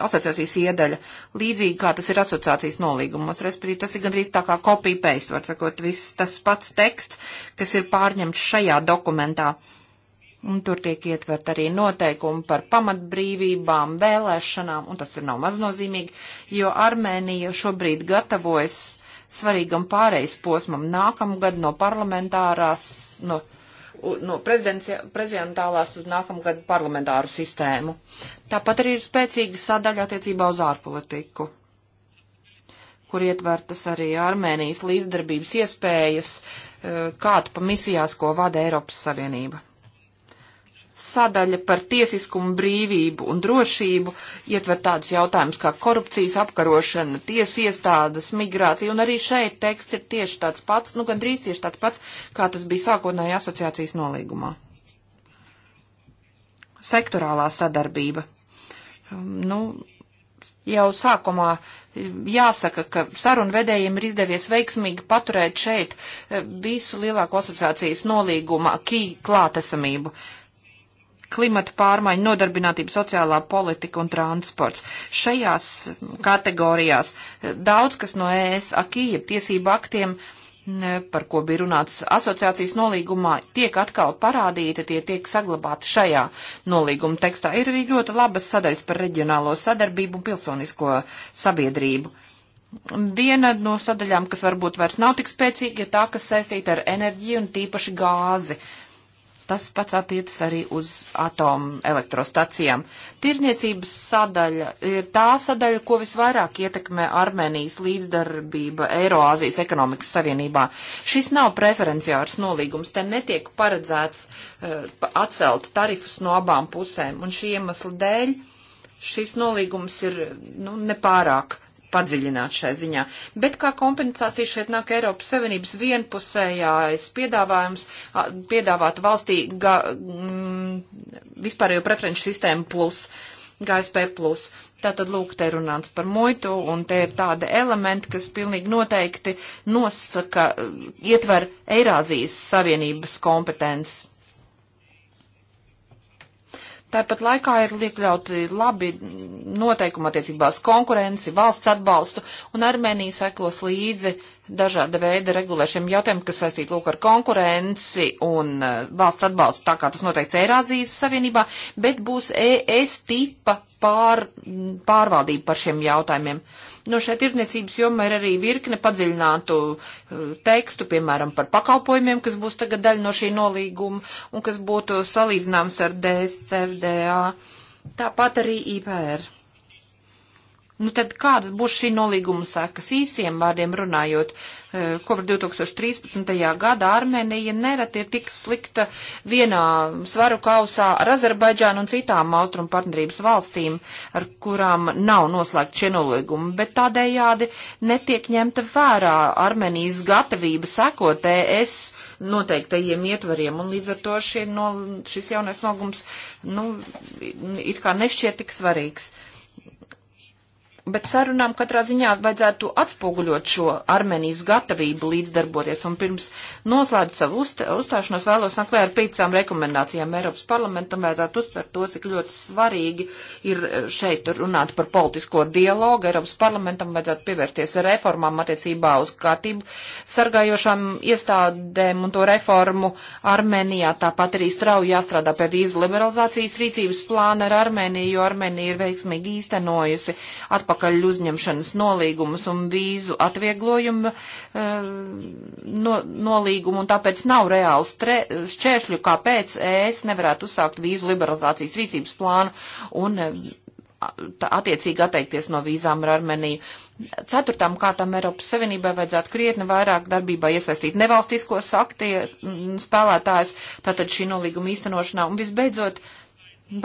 asociācijas iedaļa, līdzīgi kā tas ir asociācijas nolīgumos, respektīvi tas ir gandrīz tā kā copy-paste, var sakot, viss tas pats teksts, kas ir pārņemts šajā dokumentā. Un tur tiek ietvert arī noteikumi par pamatbrīvībām, vēlēšanām, un tas ir nav maznozīmīgi, jo Armēnija šobrīd gatavojas svarīgam pārejas posmam nākamgad no parlamentārās, no, no prezidentālās uz nākamgad parlamentāru sistēmu. Tāpat arī ir spēcīga sadaļa attiecībā uz ārpolitiku kur ietvertas arī Armēnijas līdzdarbības iespējas eh, kāda pa misijās, ko vada Eiropas Savienība sadaļa par tiesiskumu, brīvību un drošību ietver tādus jautājumus kā korupcijas apkarošana, tiesu iestādes, migrācija, un arī šeit teksts ir tieši tāds pats, nu gan drīz tieši tāds pats, kā tas bija sākotnēji asociācijas nolīgumā. Sektorālā sadarbība. Um, nu, jau sākumā um, jāsaka, ka sarunvedējiem ir izdevies veiksmīgi paturēt šeit uh, visu lielāko asociācijas nolīguma kī klātesamību. Uh, klimata pārmaiņa, nodarbinātība, sociālā politika un transports. Šajās kategorijās eh, daudz kas no ES akī, jeb tiesību aktiem, par ko bija runāts asociācijas nolīgumā, tiek atkal parādīti, tie tiek saglabāti šajā nolīguma tekstā. Ir arī ļoti labas sadaļas par reģionālo sadarbību un pilsonisko sabiedrību. Viena no sadaļām, kas varbūt vairs nav tik spēcīga, ir tā, kas saistīta ar enerģiju un tīpaši gāzi. Uh, Tas pats attiecas arī uz atomu elektrostacijām. Tirzniecības sadaļa ir tā sadaļa, ko visvairāk ietekmē Armēnijas līdzdarbība Eiroāzijas ekonomikas savienībā. Šis nav preferenciārs nolīgums, te netiek paredzēts uh, atcelt tarifus no abām pusēm, un šī iemesla dēļ šis nolīgums ir nu, nepārāk padziļināt šai ziņā. Bet kā kompensācija šeit nāk Eiropas Savienības vienpusējais piedāvājums piedāvāt valstī ga, mm, vispārējo preferenču sistēmu plus. GSP. Plus. Tātad, lūk, te runāts par muitu, un te ir tāda elementa, kas pilnīgi noteikti nosaka, ietver Eirāzijas Savienības kompetences Tāpat laikā ir iekļauti labi noteikumi attiecībā uz konkurenci, valsts atbalstu, un Armēnija sekos līdzi uh, dažāda veida regulēšiem jautājumiem, kas saistīti lūk ar konkurenci un e, valsts atbalstu, tā kā tas noteikts Eirāzijas Savienībā, bet būs ES tipa pār, pārvaldība par šiem jautājumiem. No nu, šeit tirdzniecības jomā ir arī virkne padziļinātu e, tekstu, piemēram, par pakalpojumiem, kas būs tagad daļa no šī nolīguma un kas būtu salīdzināms ar DSFDA. Tāpat arī IPR. Nu tad kādas būs šī nolīguma sekas īsiem vārdiem runājot? Eh, kopš 2013. gada Armēnija nereti ir tik slikta vienā svaru kausā ar Azerbaidžānu un citām austrumu partnerības valstīm, ar kurām nav noslēgt šie nolīgumi, bet tādējādi netiek ņemta vērā Armēnijas gatavība sekot ES noteiktajiem ietvariem, un līdz ar to no, šis jaunais nolīgums, nu, it kā nešķiet tik svarīgs. Uh, bet sarunām katrā ziņā vajadzētu atspoguļot šo Armēnijas gatavību līdzdarboties. Un pirms noslēdzu savu uzstāšanos vēlos naklē ar piecām rekomendācijām Eiropas parlamentam vajadzētu uztvert to, cik ļoti svarīgi ir eh, šeit runāt par politisko dialogu. Eiropas parlamentam vajadzētu pievērsties reformām attiecībā uz kārtību sargājošām iestādēm un to reformu Armēnijā. Tāpat arī strauji jāstrādā pie vīzu liberalizācijas rīcības plāna ar Armēniju, jo Armēnija ir veiksmīgi īstenojusi atpakaļ atpakaļ uzņemšanas nolīgumus un vīzu atvieglojumu eh, no, nolīgumu, un tāpēc nav reāls tre, šķēršļu, kāpēc ES nevarētu uzsākt vīzu liberalizācijas rīcības plānu un eh, attiecīgi atteikties no vīzām ar Armeniju. Ceturtām kārtām Eiropas Savienībai vajadzētu krietni vairāk darbībā iesaistīt nevalstiskos aktie spēlētājus, tātad šī nolīguma īstenošanā. Un visbeidzot, uh,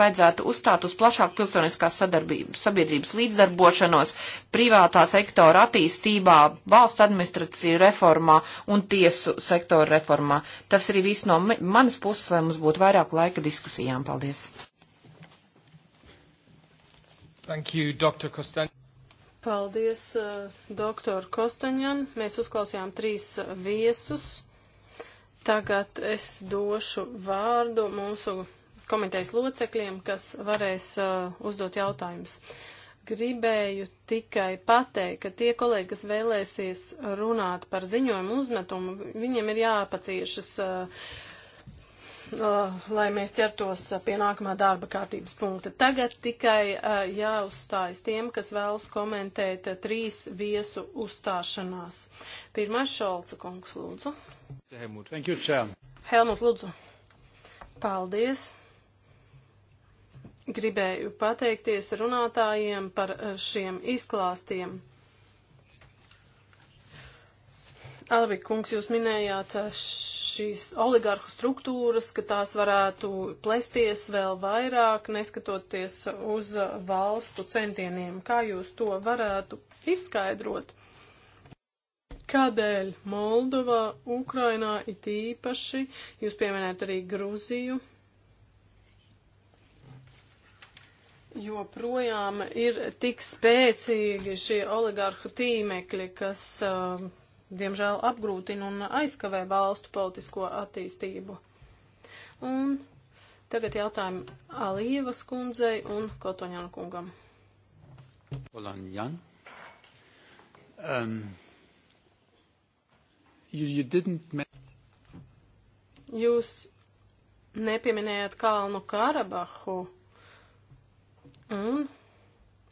Baidzētu uzstāt uz plašāku pilsoniskās sadarbības, sabiedrības līdzdarbošanos, privātā sektora attīstībā, valsts administrāciju reformā un tiesu sektora reformā. Tas arī viss no manas puses, lai mums būtu vairāk laika diskusijām. Paldies! Thank you, Dr. Kostaņ. Paldies, uh, doktor Kostaņam. Mēs uzklausījām trīs viesus. Tagad es došu vārdu mūsu komitejas locekļiem, kas varēs uh, uzdot jautājumus. Gribēju tikai pateikt, ka tie kolēģi, kas vēlēsies runāt par ziņojumu uzmetumu, viņiem ir jāpaciešas, uh, uh, lai mēs ķertos pie nākamā darba kārtības punkta. Tagad tikai uh, jāuzstājas tiem, kas vēlas komentēt uh, trīs viesu uzstāšanās. Pirmais Šolca kungs, lūdzu. Helmut, Helmut lūdzu. Paldies! gribēju pateikties runātājiem par eh, šiem izklāstiem. Alvi, kungs, jūs minējāt eh, šīs oligarhu struktūras, ka tās varētu plēsties vēl vairāk, neskatoties uz valstu centieniem. Kā jūs to varētu izskaidrot? Kādēļ Moldova, Ukrainā it īpaši, jūs pieminējat arī Gruziju, joprojām ir tik spēcīgi šie oligarhu tīmekļi, kas, uh, diemžēl, apgrūtina un aizkavē valstu politisko attīstību. Un tagad jautājumi Alievas kundzei un Kotoņan kungam. Olanjan. Um, you, you didn't make... Jūs nepieminējāt Kalnu Karabahu un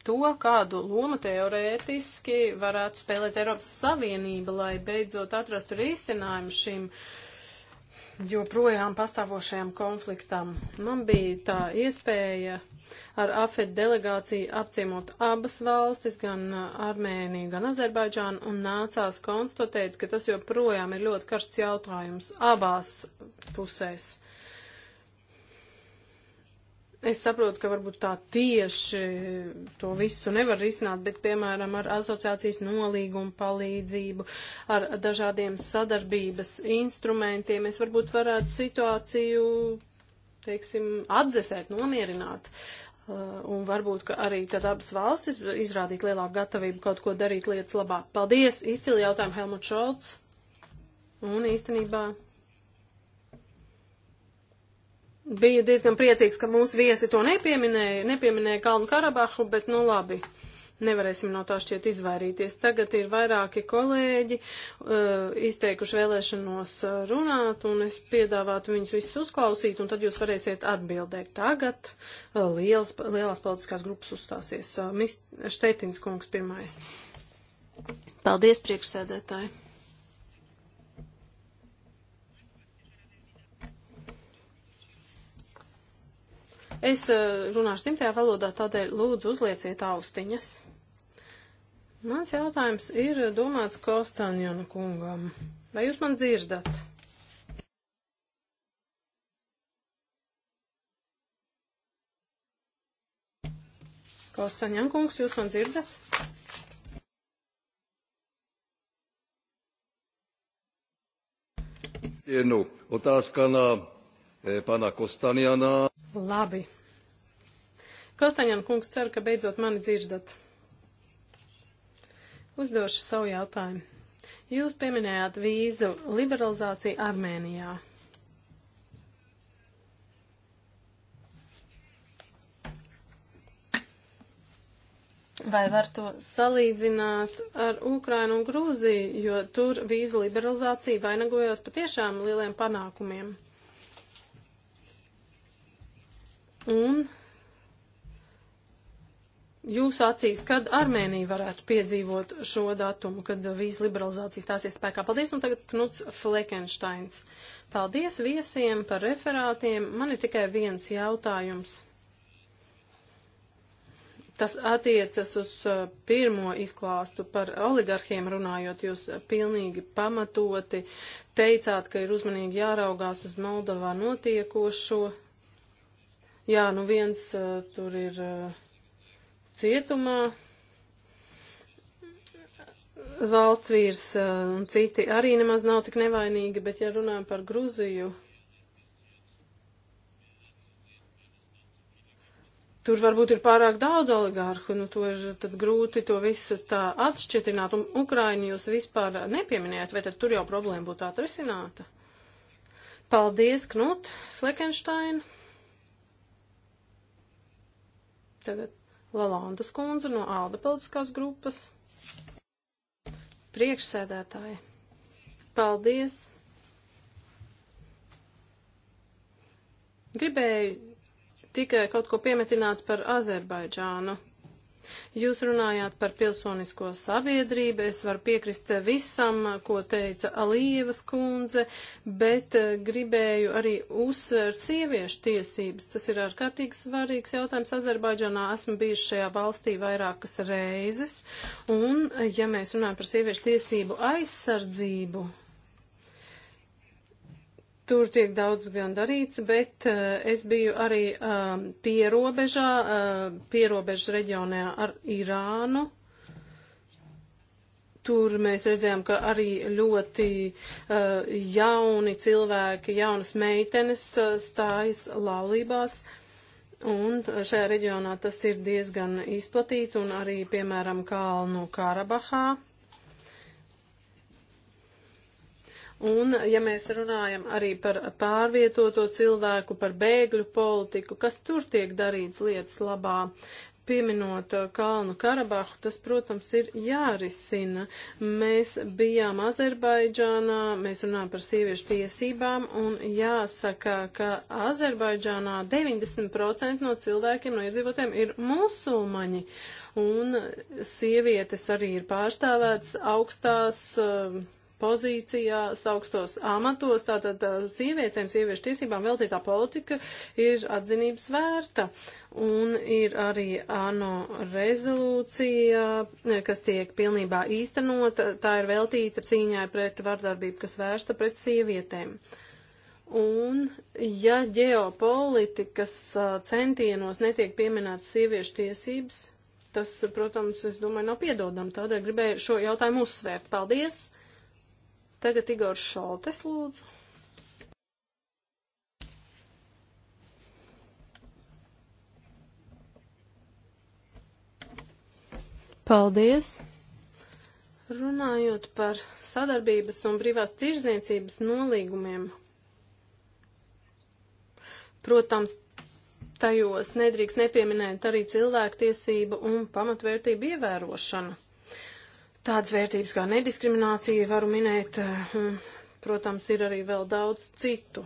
to, kādu lomu teorētiski varētu spēlēt Eiropas Savienība, lai beidzot atrastu risinājumu šim joprojām pastāvošajam konfliktam. Man bija tā iespēja ar AFED delegāciju apciemot abas valstis, gan Armēniju, gan Azerbaidžānu, un nācās konstatēt, ka tas joprojām ir ļoti karsts jautājums abās pusēs. Uh, Es saprotu, ka varbūt tā tieši to visu nevar risināt, bet, piemēram, ar asociācijas nolīgumu palīdzību, ar dažādiem sadarbības instrumentiem, es varbūt varētu situāciju, teiksim, atdzesēt, nomierināt. Uh, un varbūt, ka arī tad abas valstis izrādīt lielāku gatavību kaut ko darīt lietas labāk. Paldies! Izcili jautājumu Helmut Šolts. Un īstenībā biju diezgan priecīgs, ka mūsu viesi to nepieminēja, nepieminēja Kalnu Karabahu, bet nu labi. Nevarēsim no tā šķiet izvairīties. Tagad ir vairāki kolēģi uh, izteikuši vēlēšanos uh, runāt, un es piedāvātu viņus visus uzklausīt, un tad jūs varēsiet atbildēt. Tagad uh, liels, lielās politiskās grupas uzstāsies. Uh, Štetins kungs pirmais. Paldies, priekšsēdētāji. Es eh, runāšu dzimtajā valodā, tādēļ lūdzu uzlieciet austiņas. Mans jautājums ir domāts Kostāņona kungam. Vai jūs man dzirdat? Kostāņan kungs, jūs man dzirdat? Nu, un tā skanā eh, pana Kostāņanā. Labi. Kostaņan kungs cer, ka beidzot mani dzirdat. Uzdošu savu jautājumu. Jūs pieminējāt vīzu liberalizāciju Armēnijā. Vai var to salīdzināt ar Ukrainu un Grūziju, jo tur vīzu liberalizācija vainagojās patiešām lieliem panākumiem? Un jūsu acīs, kad Armēnija varētu piedzīvot šo datumu, kad vīzu liberalizācijas stāsies spēkā? Paldies, un tagad Knuts Flekensteins. Paldies viesiem par referātiem. Man ir tikai viens jautājums. Tas attiecas uz uh, pirmo izklāstu par oligarhiem runājot. Jūs pilnīgi pamatoti teicāt, ka ir uzmanīgi jāraugās uz Moldovā notiekošo, Jā, nu viens uh, tur ir uh, cietumā, valsts vīrs uh, un citi arī nemaz nav tik nevainīgi, bet ja runājam par Gruziju, tur varbūt ir pārāk daudz oligārhu, nu to ir tad grūti to visu tā atšķitināt, un Ukraini jūs vispār nepieminējat, vai tad tur jau problēma būtu atrisināta? Paldies, Knut Fleckenstein! Tagad Lalandas kundze no Alda politiskās grupas. Priekšsēdētāji, paldies! Gribēju tikai kaut ko piemetināt par Azerbaidžānu. Jūs runājāt par pilsonisko sabiedrību, es varu piekrist visam, ko teica Alievas kundze, bet eh, gribēju arī uzsvērt sieviešu tiesības. Tas ir ārkārtīgi svarīgs jautājums. Azerbaidžanā esmu bijis šajā valstī vairākas reizes, un ja mēs runājam par sieviešu tiesību aizsardzību, Tur tiek daudz gan darīts, bet uh, es biju arī um, pierobežā, uh, pierobežas reģionā ar Irānu. Tur mēs redzējām, ka arī ļoti uh, jauni cilvēki, jaunas meitenes uh, stājas laulībās. Un šajā reģionā tas ir diezgan izplatīti un arī, piemēram, Kalnu Karabahā. Uh, Un, ja mēs runājam arī par pārvietoto cilvēku, par bēgļu politiku, kas tur tiek darīts lietas labā, pieminot Kalnu Karabahu, tas, protams, ir jārisina. Mēs bijām Azerbaidžānā, mēs runājam par sieviešu tiesībām, un jāsaka, ka Azerbaidžānā 90% no cilvēkiem, no iedzīvotājiem ir musulmaņi, un sievietes arī ir pārstāvētas augstās. Uh, pozīcijās, augstos amatos, tātad sievietēm, sieviešu tiesībām veltītā politika ir atzinības vērta. Un ir arī ANO rezolūcija, kas tiek pilnībā īstenota, tā ir veltīta cīņai pret vardarbību, kas vērsta pret sievietēm. Un, ja ģeopolitikas centienos netiek pieminētas sieviešu tiesības, tas, protams, es domāju, nav piedodam. Tādēļ gribēju šo jautājumu uzsvērt. Paldies! Tagad Igors Šoltes lūdzu. Paldies! Runājot par sadarbības un brīvās tirzniecības nolīgumiem, protams, tajos nedrīkst nepieminēt arī cilvēktiesību un pamatvērtību ievērošanu. Tādas vērtības kā nediskriminācija varu minēt, eh, protams, ir arī vēl daudz citu.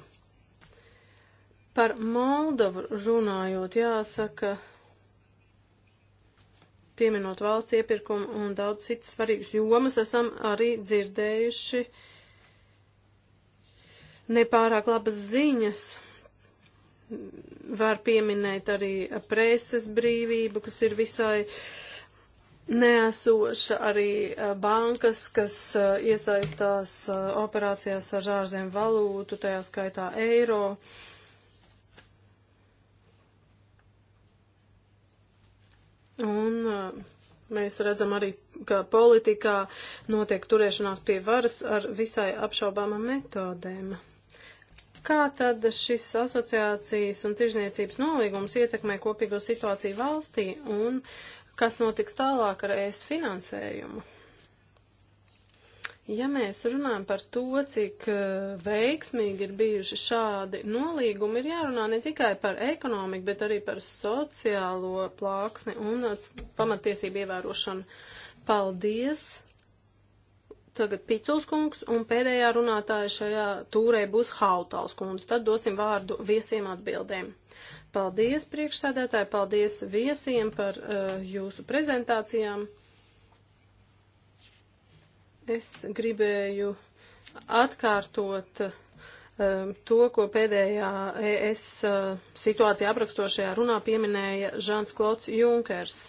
Par Moldavu runājot, jāsaka, pieminot valsts iepirkumu un daudz citas svarīgas jomas, esam arī dzirdējuši nepārāk labas ziņas. Var pieminēt arī preses brīvību, kas ir visai uh, Neesoša arī eh, bankas, kas eh, iesaistās eh, operācijās ar ārzem valūtu, tajā skaitā eiro. Un mēs redzam arī, ka politikā notiek turēšanās pie varas ar visai apšaubāmām metodēm. Kā tad šis asociācijas un tirzniecības nolīgums ietekmē kopīgo situāciju valstī un uh, Kas notiks tālāk ar ES finansējumu? Ja mēs runājam par to, cik eh, veiksmīgi ir bijuši šādi nolīgumi, ir jārunā ne tikai par ekonomiku, bet arī par sociālo plāksni un eh, pamatiesību ievērošanu. Paldies! Tagad Piculs kungs un pēdējā runātāja šajā tūrē būs Hautals kungs. Tad dosim vārdu viesiem atbildēm. Paldies priekšsēdētāji, paldies viesiem par uh, jūsu prezentācijām. Es gribēju atkārtot uh, to, ko pēdējā ES uh, situācija aprakstošajā runā pieminēja Žans Klots Junkers.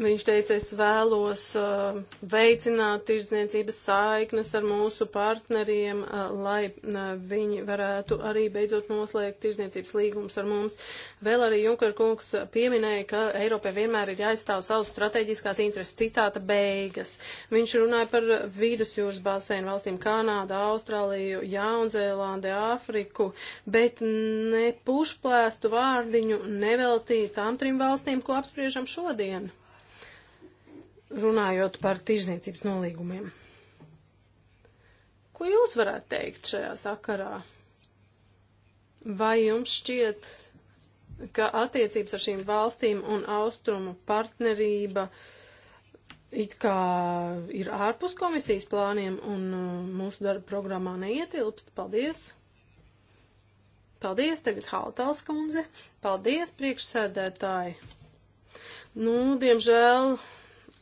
Viņš teica, es vēlos uh, veicināt tirdzniecības saiknes ar mūsu partneriem, uh, lai uh, viņi varētu arī beidzot noslēgt tirdzniecības līgumus ar mums. Vēl arī Junker kungs pieminēja, ka Eiropai vienmēr ir jāizstāv savas strateģiskās intereses citāta beigas. Viņš runāja par vidusjūras basēnu valstīm Kanādu, Austrāliju, Jaunzēlandi, Āfriku, bet ne pušplēstu vārdiņu neveltīja tām trim valstīm, ko apspriežam šodien runājot par tirzniecības nolīgumiem. Ko jūs varētu teikt šajā sakarā? Vai jums šķiet, ka attiecības ar šīm valstīm un austrumu partnerība it kā ir ārpus komisijas plāniem un uh, mūsu darba programmā neietilpst? Paldies! Paldies, tagad Hautals kundze. Paldies, priekšsēdētāji. Nu, diemžēl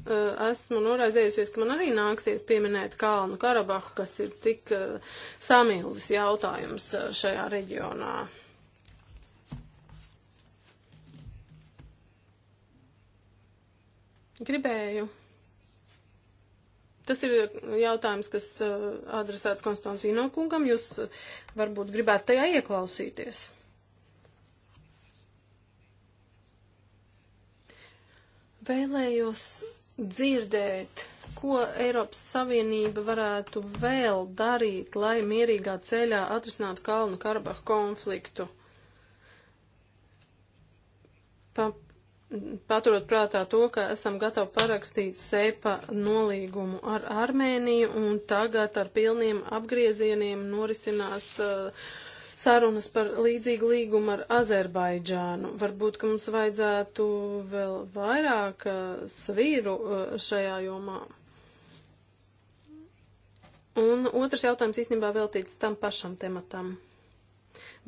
Eh, esmu noraizējusies, ka man arī nāksies pieminēt Kalnu Karabahu, kas ir tik eh, samilzis jautājums eh, šajā reģionā. Gribēju. Tas ir jautājums, kas adresēts Konstantīno kungam. Jūs varbūt gribētu tajā ieklausīties. Vēlējos dzirdēt, ko Eiropas Savienība varētu vēl darīt, lai mierīgā ceļā atrisinātu Kalnu Karabahu konfliktu. Pa, paturot prātā to, ka esam gatavi parakstīt SEPA nolīgumu ar Armēniju un tagad ar pilniem apgriezieniem norisinās uh, sarunas par līdzīgu līgumu ar Azerbaidžānu. Varbūt, ka mums vajadzētu vēl vairāk uh, svīru uh, šajā jomā. Un otrs jautājums īstenībā veltīts tam pašam tematam.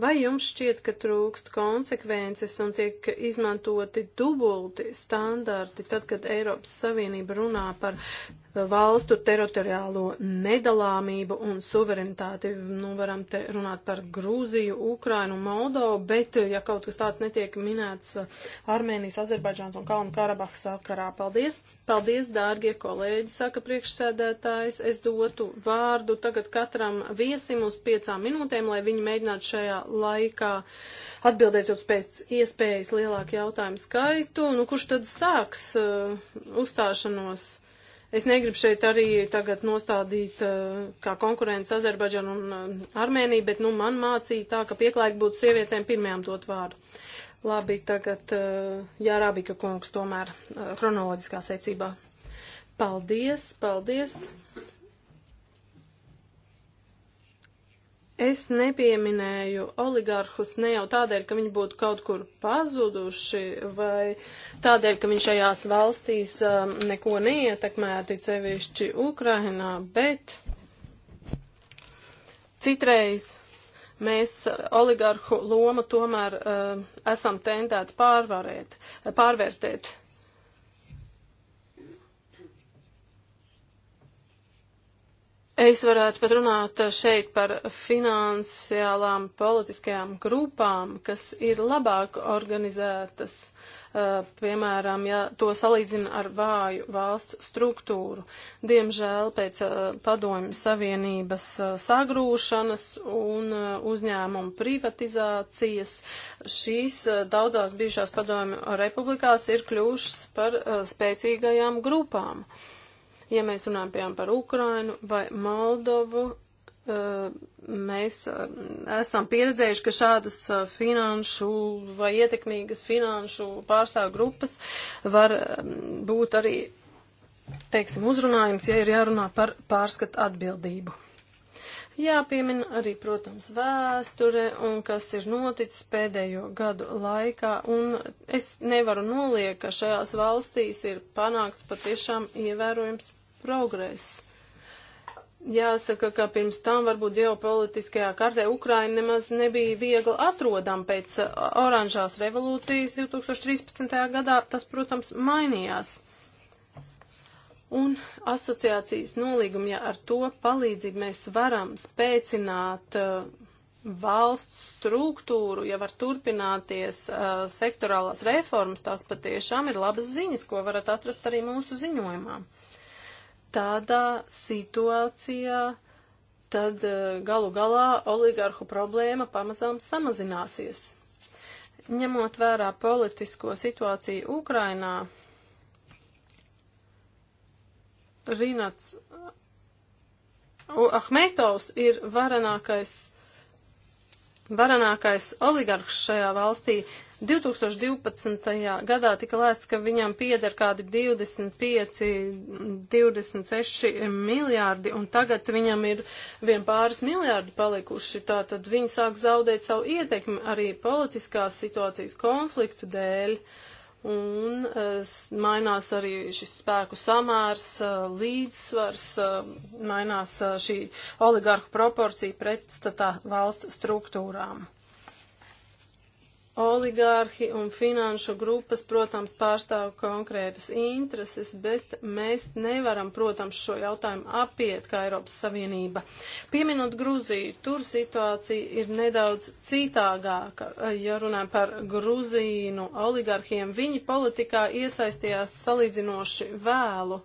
Vai jums šķiet, ka trūkst konsekvences un tiek izmantoti dubulti standarti, tad, kad Eiropas Savienība runā par eh, valstu teritoriālo nedalāmību un suverenitāti? Nu, varam te runāt par Grūziju, Ukrainu, Moldovu, bet, eh, ja kaut kas tāds netiek minēts eh, Armēnijas, Azerbaidžāns un Kalnu Karabahas sakarā, paldies! Paldies, dārgie kolēģi, saka priekšsēdētājs. Es dotu vārdu tagad katram viesim uz piecām minūtēm, lai viņi mēģinātu šeit šajā laikā, atbildēt uz pēc iespējas lielāku jautājumu skaitu. Nu, kurš tad sāks uh, uzstāšanos? Es negribu šeit arī tagad nostādīt uh, kā konkurence Azerbaidžanu un uh, Armēniju, bet nu, man mācīja tā, ka pieklājīgi būtu sievietēm pirmajām dot vārdu. Labi, tagad uh, Jārābika kungs tomēr uh, kronoloģiskā secībā. Paldies, paldies. Es nepieminēju oligarhus ne jau tādēļ, ka viņi būtu kaut kur pazuduši vai tādēļ, ka viņi šajās valstīs um, neko neietekmēti, sevišķi Ukrainā, bet citreiz mēs oligarhu lomu tomēr uh, esam tendēti pārvarēt, pārvērtēt. Es varētu pat runāt šeit par finansiālām politiskajām grupām, kas ir labāk organizētas, piemēram, ja to salīdzina ar vāju valsts struktūru. Diemžēl pēc padomju savienības sagrūšanas un uzņēmumu privatizācijas šīs daudzās bijušās padomju republikās ir kļuvušas par spēcīgajām grupām. Uh, Ja mēs runājam, piemēram, par Ukrainu vai Moldovu, eh, mēs eh, esam pieredzējuši, ka šādas eh, finanšu vai ietekmīgas finanšu pārstāvu grupas var būt arī, teiksim, uzrunājums, ja ir jārunā par pārskatu atbildību. Jāpiemina arī, protams, vēsture un kas ir noticis pēdējo gadu laikā, un es nevaru noliekt, ka šajās valstīs ir panākts patiešām ievērojams progress. Jāsaka, ka pirms tam varbūt ģeopolitiskajā kartē Ukraina nemaz nebija viegli atrodama pēc uh, oranžās revolūcijas 2013. gadā. Tas, protams, mainījās. Un asociācijas nolīgumi, ja ar to palīdzību mēs varam spēcināt uh, valsts struktūru, ja var turpināties uh, sektorālās reformas, tās patiešām ir labas ziņas, ko varat atrast arī mūsu ziņojumā. Uh, tādā situācijā tad eh, galu galā oligarhu problēma pamazām samazināsies. Ņemot vērā politisko situāciju Ukrainā, Rīnats Ahmetovs ir varenākais, varenākais oligarhs šajā valstī. Uh, 2012. gadā tika lēsts, ka viņam pieder kādi 25, 26 miljārdi, un tagad viņam ir vien pāris miljārdi palikuši. Tātad viņi sāk zaudēt savu ietekmi arī politiskās situācijas konfliktu dēļ. Un uh, mainās arī šis spēku samērs, uh, līdzsvars, uh, mainās uh, šī oligarhu proporcija pretstatā valsts struktūrām. Oligārhi un finanšu grupas, protams, pārstāv konkrētas intereses, bet mēs nevaram, protams, šo jautājumu apiet kā Eiropas Savienība. Pieminot Gruziju, tur situācija ir nedaudz citāgāka. Ja runājam par gruzīnu oligarhiem, viņi politikā iesaistījās salīdzinoši vēlu.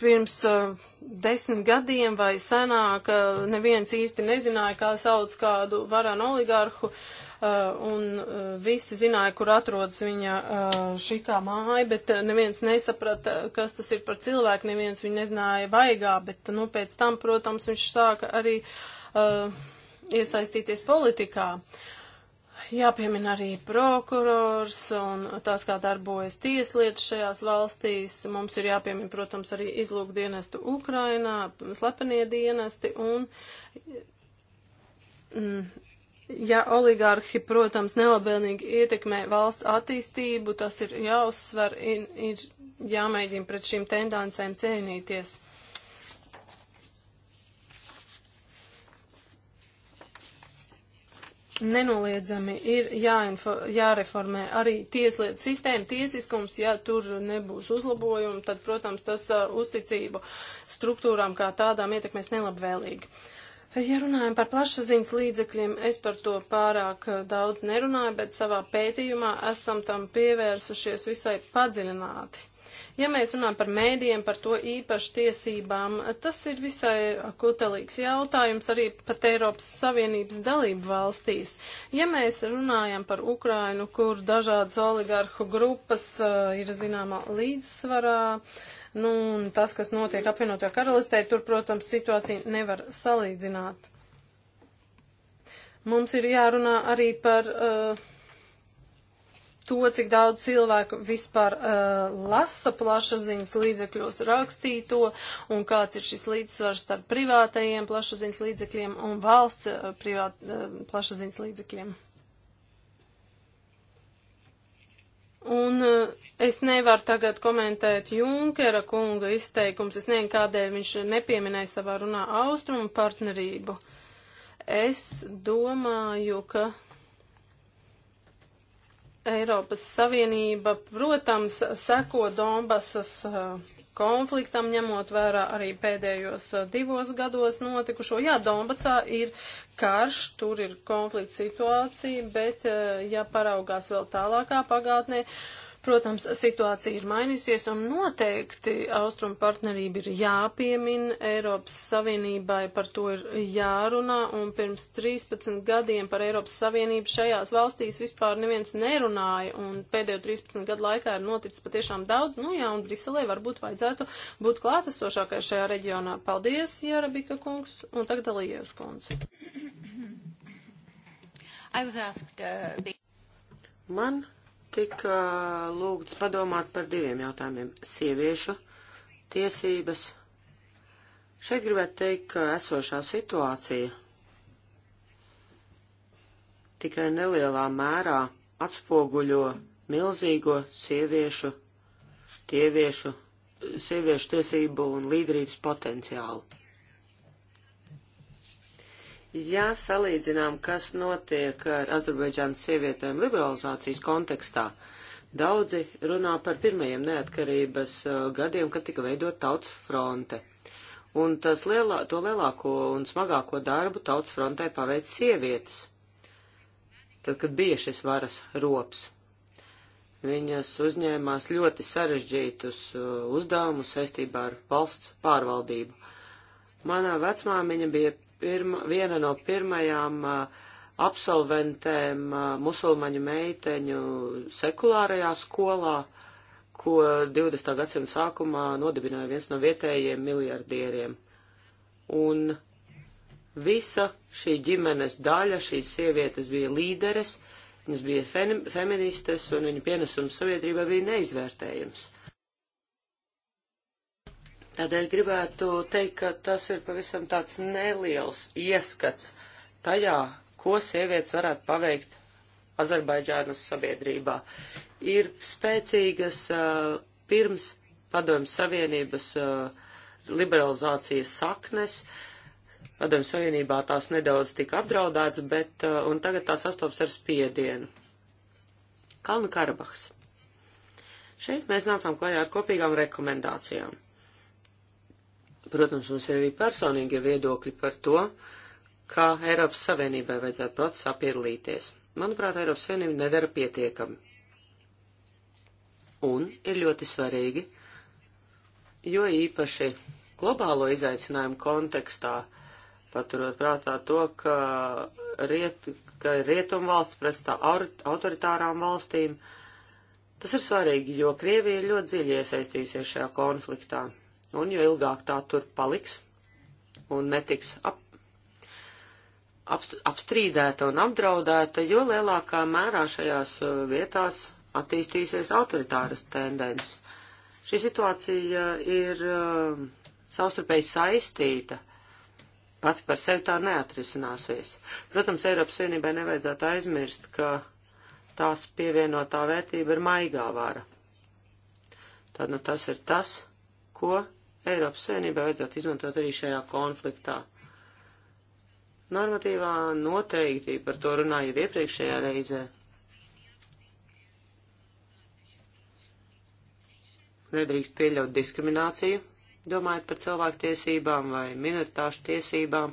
pirms uh, desmit gadiem vai senāk uh, neviens īsti nezināja, kā sauc kādu varanu oligarhu, uh, un uh, visi zināja, kur atrodas viņa uh, šitā māja, bet uh, neviens nesaprata, kas tas ir par cilvēku, neviens viņu nezināja vaigā, bet, nu, pēc tam, protams, viņš sāka arī iesaistīties politikā jāpiemina arī prokurors un tās, kā darbojas tieslietas šajās valstīs. Mums ir jāpiemina, protams, arī izlūk dienestu Ukrainā, slepenie dienesti un. Mm, Ja oligārhi, protams, nelabēlīgi ietekmē valsts attīstību, tas ir jāuzsver, ir, ir jāmēģina pret šīm tendencēm cīnīties. nenoliedzami ir jāinfo, jāreformē arī tieslietu sistēma, tiesiskums, ja tur nebūs uzlabojumi, tad, protams, tas uh, uzticību struktūrām kā tādām ietekmēs nelabvēlīgi. Ja runājam par plašsaziņas līdzekļiem, es par to pārāk daudz nerunāju, bet savā pētījumā esam tam pievērsušies visai padziļināti. Ja mēs runājam par mēdiem, par to īpašu tiesībām, tas ir visai kutelīgs jautājums arī pat Eiropas Savienības dalību valstīs. Ja mēs runājam par Ukrainu, kur dažādas oligarhu grupas uh, ir zināmā līdzsvarā, uh, Nu, un tas, kas notiek apvienotajā karalistē, tur, protams, situāciju nevar salīdzināt. Mums ir jārunā arī par uh, to, cik daudz cilvēku vispār uh, lasa plašsaziņas līdzekļos rakstīto un kāds ir šis līdzsvars starp privātajiem plašsaziņas līdzekļiem un valsts uh, privāt, uh, plašsaziņas līdzekļiem. Un uh, es nevaru tagad komentēt Junkera kunga izteikums, es nezinu, kādēļ viņš nepieminēja savā runā austrumu partnerību. Es domāju, ka Eiropas Savienība, protams, seko Donbasas uh, konfliktam, ņemot vērā arī pēdējos uh, divos gados notikušo. Jā, Donbasā ir karš, tur ir konflikts situācija, bet uh, ja paraugās vēl tālākā pagātnē, uh, Protams, situācija ir mainīsies un noteikti austrumu partnerība ir jāpiemina Eiropas Savienībai, par to ir jārunā un pirms 13 gadiem par Eiropas Savienību šajās valstīs vispār neviens nerunāja un pēdējo 13 gadu laikā ir noticis patiešām daudz, nu jā, un Briselē varbūt vajadzētu būt klātesošākai šajā reģionā. Paldies, Jārabika kungs, un tagad dalījos kungs. I was asked, uh, Man Tika lūgts padomāt par diviem jautājumiem - sieviešu tiesības. Šeit gribētu teikt, ka esošā situācija tikai nelielā mērā atspoguļo milzīgo sieviešu, tieviešu, sieviešu tiesību un līderības potenciālu. Ja salīdzinām, kas notiek ar Azerbaidžānas sievietēm liberalizācijas kontekstā, daudzi runā par pirmajiem neatkarības uh, gadiem, kad tika veidot tautas fronte. Un tas lielā, to lielāko un smagāko darbu tautas frontē paveic sievietes, tad, kad bija šis varas rops. Viņas uzņēmās ļoti sarežģītus uh, uzdevumus saistībā ar valsts pārvaldību. Manā vecmāmiņa bija pirma, viena no pirmajām uh, absolventēm uh, musulmaņu meiteņu sekulārajā skolā, ko 20. gadsimta sākumā nodibināja viens no vietējiem miljardieriem. Un visa šī ģimenes daļa, šīs sievietes bija līderes, viņas bija feministes, un viņu pienesums sabiedrībā bija neizvērtējams. Tādēļ gribētu teikt, ka tas ir pavisam tāds neliels ieskats tajā, ko sievietes varētu paveikt Azerbaidžānas sabiedrībā. Ir spēcīgas uh, pirms padomjas Savienības uh, liberalizācijas saknes. Padomjas Savienībā tās nedaudz tika apdraudēts, bet uh, un tagad tās sastops ar spiedienu. Kalnu Karabahs. Šeit mēs nācām klajā ar kopīgām rekomendācijām. Protams, mums ir arī personīgie viedokļi par to, kā Eiropas Savienībai vajadzētu procesā piedalīties. Manuprāt, Eiropas Savienība nedara pietiekami. Un ir ļoti svarīgi, jo īpaši globālo izaicinājumu kontekstā, paturot prātā to, ka, riet, ka rietumvalsts pretstā autoritārām valstīm, tas ir svarīgi, jo Krievija ir ļoti dziļi iesaistījusies šajā konfliktā un jo ilgāk tā tur paliks un netiks ap, ap, apstrīdēta un apdraudēta, jo lielākā mērā šajās uh, vietās attīstīsies autoritāras tendences. Šī situācija uh, ir uh, savstarpēji saistīta, pati par sevi tā neatrisināsies. Protams, Eiropas Savienībai nevajadzētu aizmirst, ka tās pievienotā vērtība ir maigā vara. Tad nu tas ir tas, ko Eiropas saimnībai vajadzētu izmantot arī šajā konfliktā. Normatīvā noteikti par to runāju iepriekšējā reizē. Nedrīkst pieļaut diskrimināciju, domājot par cilvēktiesībām vai minoritāšu tiesībām,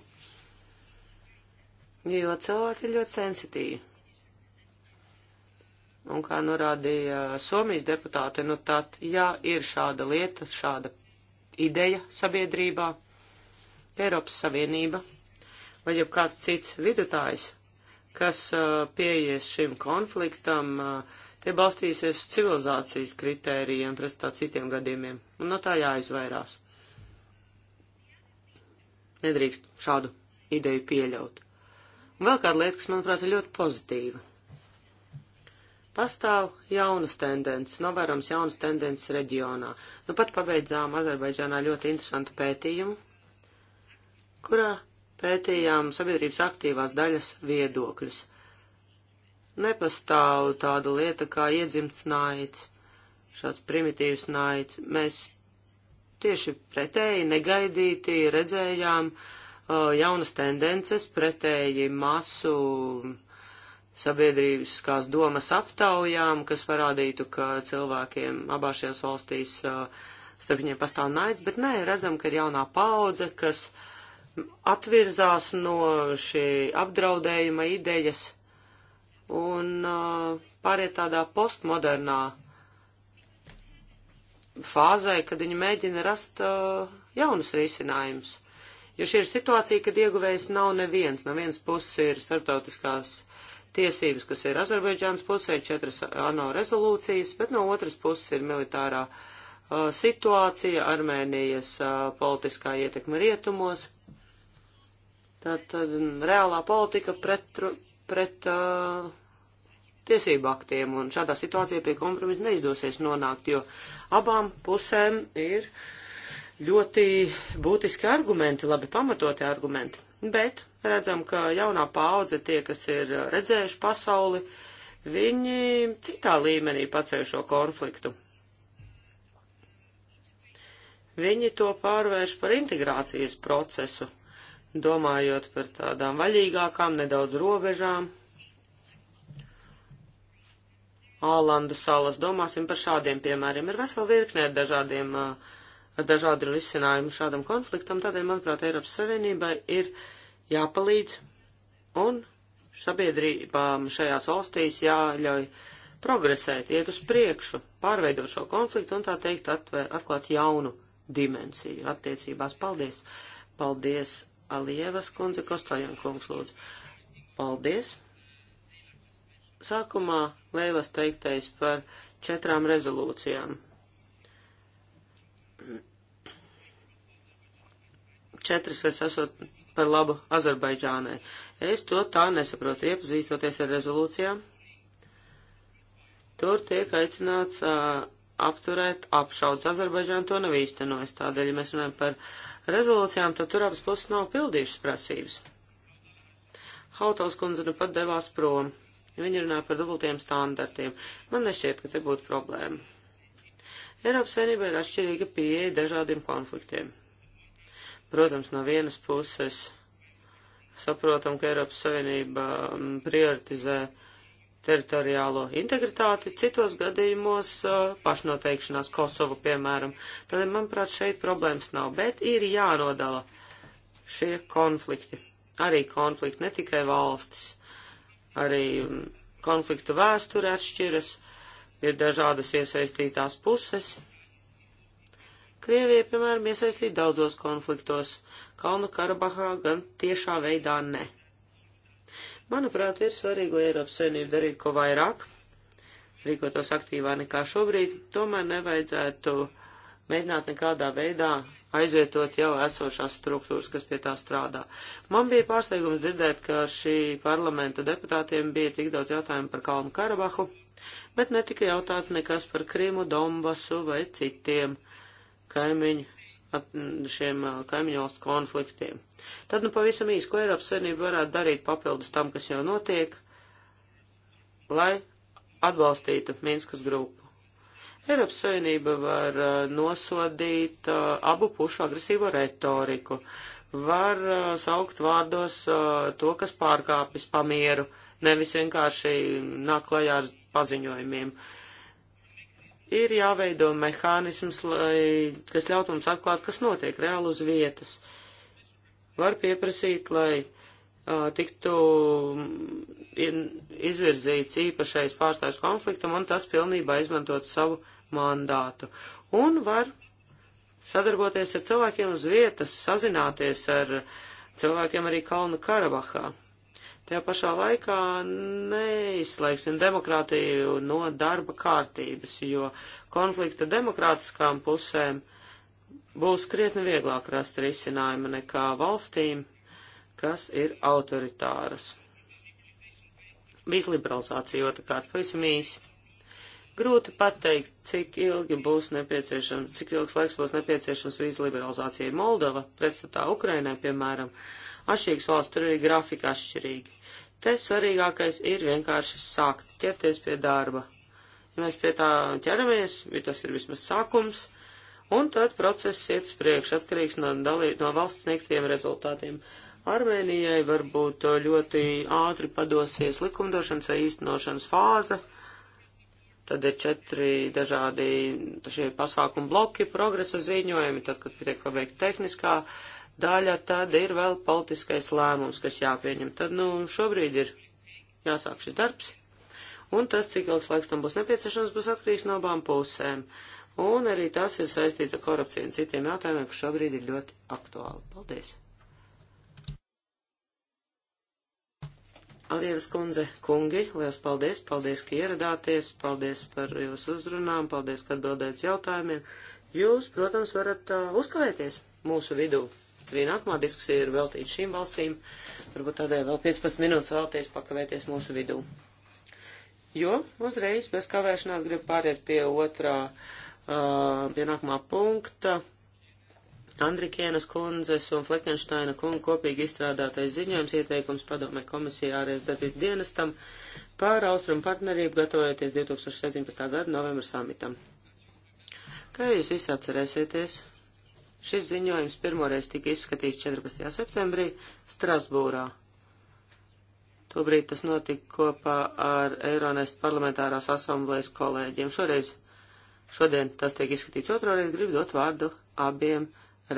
jo cilvēki ir ļoti sensitīvi. Un kā norādīja Somijas deputāte, nu tad, ja ir šāda lieta, šāda ideja sabiedrībā, ka Eiropas Savienība vai jau kāds cits vidutājs, kas uh, pieies šim konfliktam, uh, tie balstīsies uz civilizācijas kritērijiem, pretstā citiem gadījumiem, un no tā jāizvairās. Nedrīkst šādu ideju pieļaut. Un vēl kāda lieta, kas, manuprāt, ir ļoti pozitīva Pastāv jaunas tendences, novērams jaunas tendences reģionā. Nu pat pabeidzām Azerbaidžānā ļoti interesantu pētījumu, kurā pētījām sabiedrības aktīvās daļas viedokļus. Nepastāv tāda lieta kā iedzimts naids, šāds primitīvs naids. Mēs tieši pretēji negaidīti redzējām uh, jaunas tendences, pretēji masu sabiedrīskās domas aptaujām, kas parādītu, ka cilvēkiem abās šajās valstīs starp viņiem pastāv naids, bet nē, redzam, ka ir jaunā paudze, kas atvirzās no šī apdraudējuma idejas un pāriet tādā postmodernā fāzē, kad viņi mēģina rast uh, jaunus risinājumus. Jo šī ir situācija, kad ieguvējs nav neviens. No vienas puses ir starptautiskās tiesības, kas ir Azerbaidžānas pusē, četras ANO rezolūcijas, bet no otras puses ir militārā uh, situācija, Armēnijas uh, politiskā ietekme rietumos. Tātad mm, reālā politika pret, pret uh, tiesību aktiem, un šādā situācijā pie kompromisa neizdosies nonākt, jo abām pusēm ir ļoti būtiski argumenti, labi pamatoti argumenti. Bet redzam, ka jaunā paudze, tie, kas ir redzējuši pasauli, viņi citā līmenī pacēju šo konfliktu. Viņi to pārvērš par integrācijas procesu, domājot par tādām vaļīgākām, nedaudz robežām. Ālandu salas, domāsim par šādiem piemēriem, ir vesela virknē ar dažādiem, ar dažādu risinājumu šādam konfliktam, tādēļ, manuprāt, Eiropas Savienībai ir jāpalīdz un sabiedrībām šajās valstīs jāļauj progresēt, iet uz priekšu, pārveidot šo konfliktu un tā teikt atvēr, atklāt jaunu dimensiju attiecībās. Paldies! Paldies, Alievas kundze, Kostajan kungs lūdzu. Paldies! Sākumā Leilas teiktais par četrām rezolūcijām. Četras, kas esot par labu Azerbaidžānai. Es to tā nesaprotu, iepazīstoties ar rezolūcijām. Tur tiek aicināts uh, apturēt apšaudas. Azerbaidžāna to nav īstenojis. Tādēļ, ja mēs runājam par rezolūcijām, tad tur abas puses nav pildījušas prasības. Hautals kundze nu pat devās prom. Viņa runāja par dubultiem standartiem. Man nešķiet, ka te būtu problēma. Eiropas Savienība ir atšķirīga pieeja dažādiem konfliktiem. Protams, no vienas puses saprotam, ka Eiropas Savienība mm, prioritizē teritoriālo integritāti, citos gadījumos pašnoteikšanās Kosovu, piemēram. Tad, manuprāt, šeit problēmas nav, bet ir jānodala šie konflikti. Arī konflikti, ne tikai valstis, arī mm, konfliktu vēsture atšķiras, ir dažādas iesaistītās puses, Krievija, piemēram, iesaistīta daudzos konfliktos, Kalnu Karabahā gan tiešā veidā ne. Manuprāt, ir svarīgi, lai Eiropas Savienība darītu ko vairāk, rīkotos aktīvā nekā šobrīd, tomēr nevajadzētu mēģināt nekādā veidā aizvietot jau esošās struktūras, kas pie tā strādā. Man bija pārsteigums dzirdēt, ka šī parlamenta deputātiem bija tik daudz jautājumu par Kalnu Karabahu, bet netika jautāts nekas par Krimu, Donbasu vai citiem kaimiņu šiem uh, kaimiņu valstu konfliktiem. Tad nu pavisam īsi, ko Eiropas Savienība varētu darīt papildus tam, kas jau notiek, lai atbalstītu Minskas grupu. Eiropas Savienība var uh, nosodīt uh, abu pušu agresīvo retoriku, var saukt vārdos to, kas pārkāpjas pamieru, nevis vienkārši nāk klajā ar paziņojumiem. Uh, ir jāveido mehānisms, lai, kas ļaut mums atklāt, kas notiek reāli uz vietas. Var pieprasīt, lai uh, tiktu izvirzīts īpašais pārstāvis konfliktam un tas pilnībā izmantot savu mandātu. Un var sadarboties ar cilvēkiem uz vietas, sazināties ar cilvēkiem arī Kalnu Karabahā. Tajā pašā laikā neizslēgsim demokrātiju no darba kārtības, jo konflikta demokrātiskām pusēm būs krietni vieglāk rast risinājumu nekā valstīm, kas ir autoritāras. Vīz liberalizācija otrkārt pavisam īsi. Grūti pateikt, cik ilgi būs nepieciešams, cik ilgs laiks būs nepieciešams vīz liberalizācijai Moldova, pretstatā Ukrainai, piemēram, uh, Atšķirīgas valsts tur ir grafika atšķirīgi. Te svarīgākais ir vienkārši sākt ķerties pie darba. Ja mēs pie tā ķeramies, ja tas ir vismaz sākums, un tad process iet uz priekšu atkarīgs no, dalī, no valsts sniegtiem rezultātiem. Armēnijai varbūt ļoti ātri padosies likumdošanas vai īstenošanas fāze. Tad ir četri dažādi šie pasākumu bloki, progresa ziņojumi, tad, kad tiek pabeigta tehniskā uh, daļa tad ir vēl politiskais lēmums, kas jāpieņem. Tad, nu, šobrīd ir jāsāk šis darbs, un tas, cik ilgs laiks tam būs nepieciešams, būs atkarīgs no abām pusēm. Un arī tas ir saistīts ar korupciju un citiem jautājumiem, kas šobrīd ir ļoti aktuāli. Paldies! Alievas kundze, kungi, liels paldies, paldies, ka ieradāties, paldies par jūsu uzrunām, paldies, ka atbildējat jautājumiem. Jūs, protams, varat uh, uzkavēties mūsu vidū. Arī nākamā diskusija ir veltīta šīm valstīm. Varbūt tādēļ vēl 15 minūtes vēlties pakavēties mūsu vidū. Jo uzreiz bez kavēšanās gribu pāriet pie otrā, uh, pie nākamā punkta. Andrikienas kundzes un Fleckensteina kunga kopīgi izstrādātais ziņojums ieteikums padomē komisijā ārējas darbības dienestam pār austrumu partnerību gatavojoties 2017. gada novembra samitam. Kā jūs visi atcerēsieties, Šis ziņojums pirmoreiz tika izskatīts 14. septembrī Strasbūrā. Tobrīd tas notika kopā ar Eironest parlamentārās asamblējas kolēģiem. Šoreiz, šodien tas tiek izskatīts otroreiz, gribu dot vārdu abiem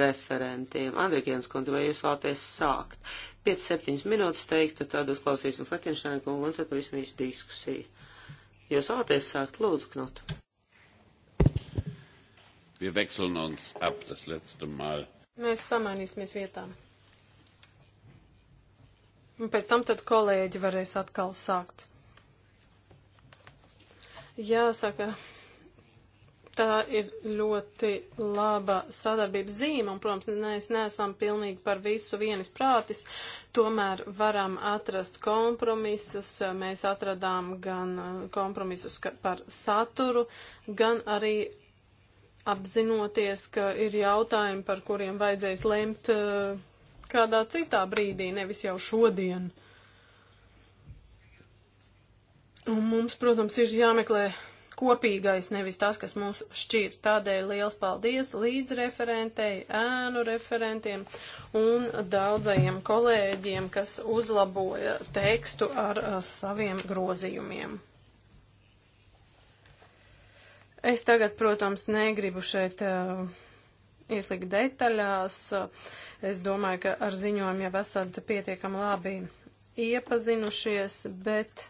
referentiem. Andrikienas kundze, vai jūs vēlaties sākt? 5-7 minūtes teiktu, tad uzklausīsim Flekenšēnu kungu un tad pavisam īsti diskusiju. Jūs vēlaties sākt, lūdzu, Knut. Wir wechseln uns ab das letzte Mal. Mēs samainīsimies vietām. Un pēc tam tad kolēģi varēs atkal sākt. Jāsaka, tā ir ļoti laba sadarbības zīme, un, protams, mēs neesam pilnīgi par visu vienas prātis, tomēr varam atrast kompromisus. Mēs atradām gan kompromisus par saturu, gan arī apzinoties, ka ir jautājumi, par kuriem vajadzēs lemt eh, kādā citā brīdī, nevis jau šodien. Un mums, protams, ir jāmeklē kopīgais, nevis tas, kas mūs šķir. Tādēļ liels paldies līdz referentei, ēnu referentiem un daudzajiem kolēģiem, kas uzlaboja tekstu ar eh, saviem grozījumiem. Es tagad, protams, negribu šeit uh, ieslīgt detaļās. Es domāju, ka ar ziņojumu jau esat pietiekami labi iepazinušies, bet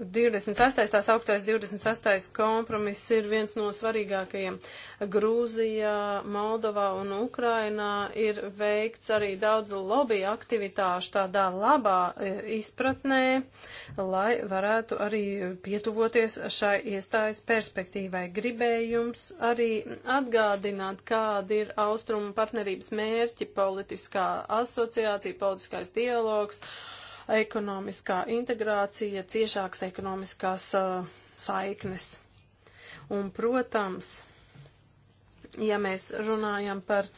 28. tās augtais 28. kompromiss ir viens no svarīgākajiem. Grūzijā, Moldovā un Ukrainā ir veikts arī daudz lobby aktivitāšu tādā labā e, izpratnē, lai varētu arī pietuvoties šai iestājas perspektīvai. Gribēju jums arī atgādināt, kāda ir austrumu partnerības mērķi, politiskā asociācija, politiskais dialogs ekonomiskā integrācija, ciešāks ekonomiskās uh, saiknes. Un, protams, ja mēs runājam par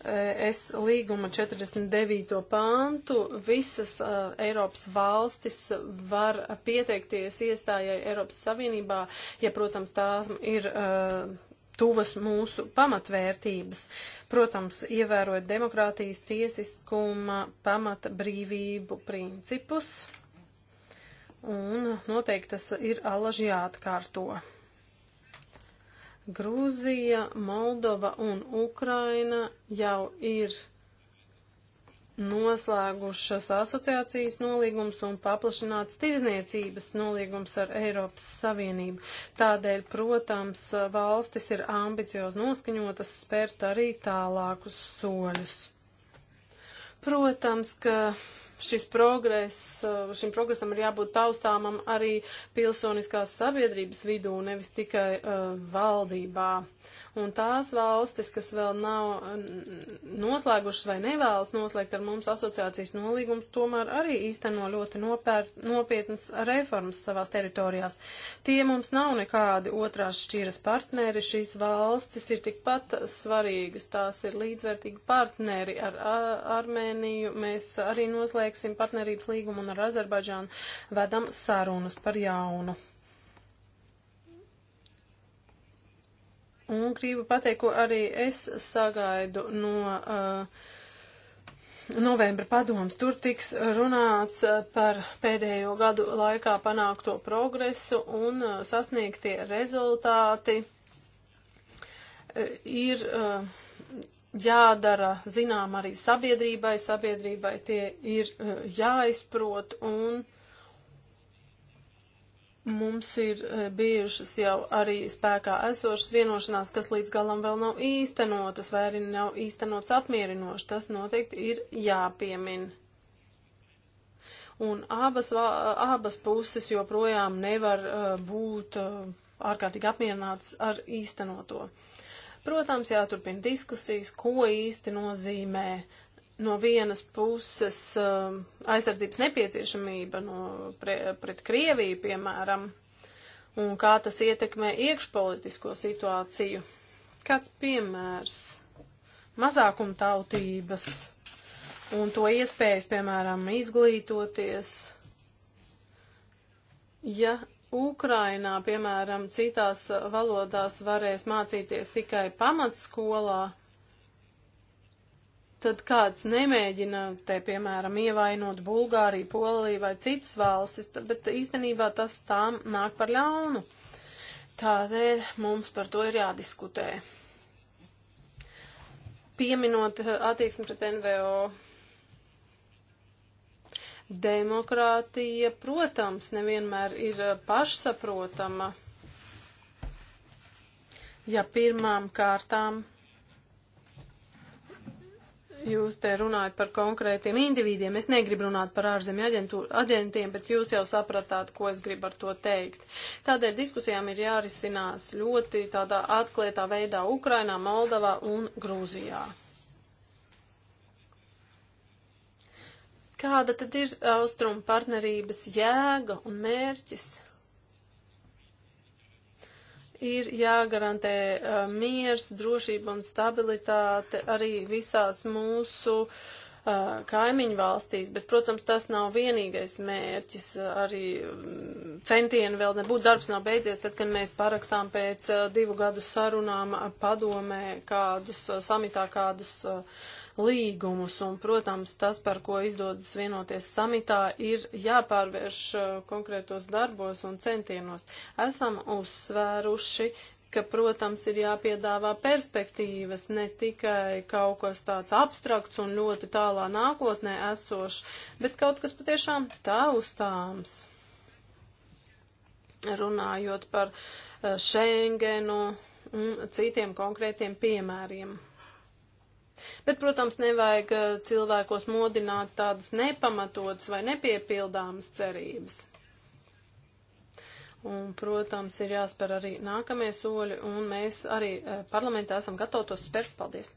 es līguma 49. pāntu, visas uh, Eiropas valstis var pieteikties iestājai Eiropas Savienībā, ja, protams, tā ir uh, tuvas mūsu pamatvērtības. Protams, ievērojot demokrātijas tiesiskuma pamata brīvību principus. Un noteikti tas ir alaži jāatkārto. Grūzija, Moldova un Ukraina jau ir noslēgušas asociācijas nolīgums un paplašināts tirzniecības nolīgums ar Eiropas Savienību. Tādēļ, protams, valstis ir ambiciozi noskaņotas spērt arī tālākus soļus. Protams, ka šis progress, uh, šim progresam ir jābūt taustāmam arī pilsoniskās sabiedrības vidū, nevis tikai uh, valdībā. Un tās valstis, kas vēl nav noslēgušas vai nevēlas noslēgt ar mums asociācijas nolīgums, tomēr arī īsteno ļoti nopēr, nopietnas reformas savās teritorijās. Tie mums nav nekādi otrās šķiras partneri, šīs valstis ir tikpat svarīgas, tās ir līdzvērtīgi partneri ar Armēniju, mēs arī noslēgām noslēgsim partnerības līgumu un ar Azerbaidžānu vedam sarunas par jaunu. Un gribu pateikt, ko arī es sagaidu no uh, novembra padoms. Tur tiks runāts uh, par pēdējo gadu laikā panākto progresu un uh, sasniegtie rezultāti uh, ir. Uh, jādara zinām arī sabiedrībai, sabiedrībai tie ir eh, jāizprot un mums ir eh, bijušas jau arī spēkā esošas vienošanās, kas līdz galam vēl nav īstenotas vai arī nav īstenotas apmierinoši. Tas noteikti ir jāpiemina un abas, abas puses joprojām nevar uh, būt uh, ārkārtīgi apmierināts ar īstenoto. Protams, jāturpina diskusijas, ko īsti nozīmē no vienas puses um, aizsardzības nepieciešamība no, pre, pret Krieviju, piemēram, un kā tas ietekmē iekšpolitisko situāciju. Kāds piemērs? Mazākumtautības un to iespējas, piemēram, izglītoties. Ja Ukrainā, piemēram, citās valodās varēs mācīties tikai pamatskolā, tad kāds nemēģina te, piemēram, ievainot Bulgāriju, Poliju vai citas valstis, bet īstenībā tas tām nāk par ļaunu. Tādēļ mums par to ir jādiskutē. Pieminot eh, attieksmi pret NVO Demokrātija, protams, nevienmēr ir eh, pašsaprotama. Ja pirmām kārtām jūs te runājat par konkrētiem individiem. Es negribu runāt par ārzemju aģentiem, bet jūs jau sapratāt, ko es gribu ar to teikt. Tādēļ diskusijām ir jārisinās ļoti tādā atklētā veidā Ukrainā, Moldavā un Grūzijā. Kāda tad ir austrumu partnerības jēga un mērķis? Ir jāgarantē uh, miers, drošība un stabilitāte arī visās mūsu uh, kaimiņu valstīs, bet, protams, tas nav vienīgais mērķis. Arī centieni vēl nebūtu darbs nav beidzies, tad, kad mēs parakstām pēc divu gadu sarunām padomē kādus samitā kādus līgumus, un, protams, tas, par ko izdodas vienoties samitā, ir jāpārvērš uh, konkrētos darbos un centienos. Esam uzsvēruši ka, protams, ir jāpiedāvā perspektīvas, ne tikai kaut kas tāds abstrakts un ļoti tālā nākotnē esošs, bet kaut kas patiešām taustāms. Runājot par uh, Schengenu un citiem konkrētiem piemēriem. Bet, protams, nevajag eh, cilvēkos modināt tādas nepamatotas vai nepiepildāmas cerības. Un, protams, ir jāspēr arī nākamie soļi, un mēs arī eh, parlamentā esam gatavi tos spērt. Paldies!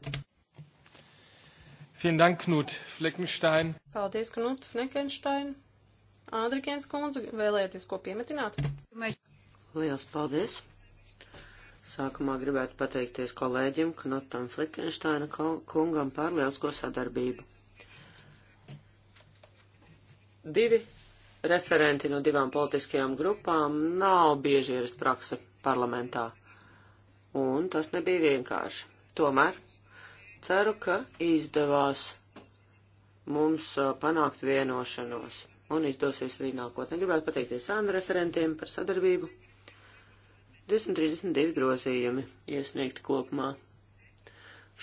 Vielen Dank, Knut Fleckenstein. Paldies, Knut Fleckenstein. Ādrikēns kundze, vēlēties ko piemetināt? Liels paldies! Sākumā gribētu pateikties kolēģim Knotam Flikensteina kungam par lielisko sadarbību. Divi referenti no divām politiskajām grupām nav bieži ierast prakse parlamentā, un tas nebija vienkārši. Tomēr ceru, ka izdevās mums uh, panākt vienošanos, un izdosies arī nākotnē. Gribētu pateikties ānu referentiem par sadarbību. 232 grozījumi iesniegti kopumā.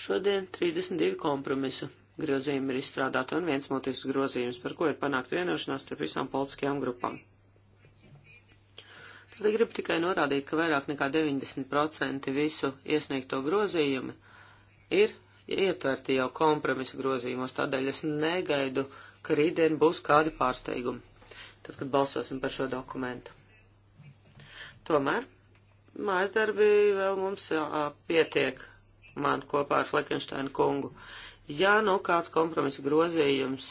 Šodien 32 kompromisu grozījumi ir izstrādāti un viens motīvs grozījums, par ko ir panākt vienošanās starp visām politiskajām grupām. Tad gribu tikai norādīt, ka vairāk nekā 90% visu iesniegto grozījumu ir ietverti jau kompromisa grozījumos, tādēļ es negaidu, ka rītdien būs kādi pārsteigumi, tad, kad balsosim par šo dokumentu. Tomēr mājas darbi vēl mums pietiek man kopā ar Fleckensteinu kungu. Ja nu kāds kompromisa grozījums,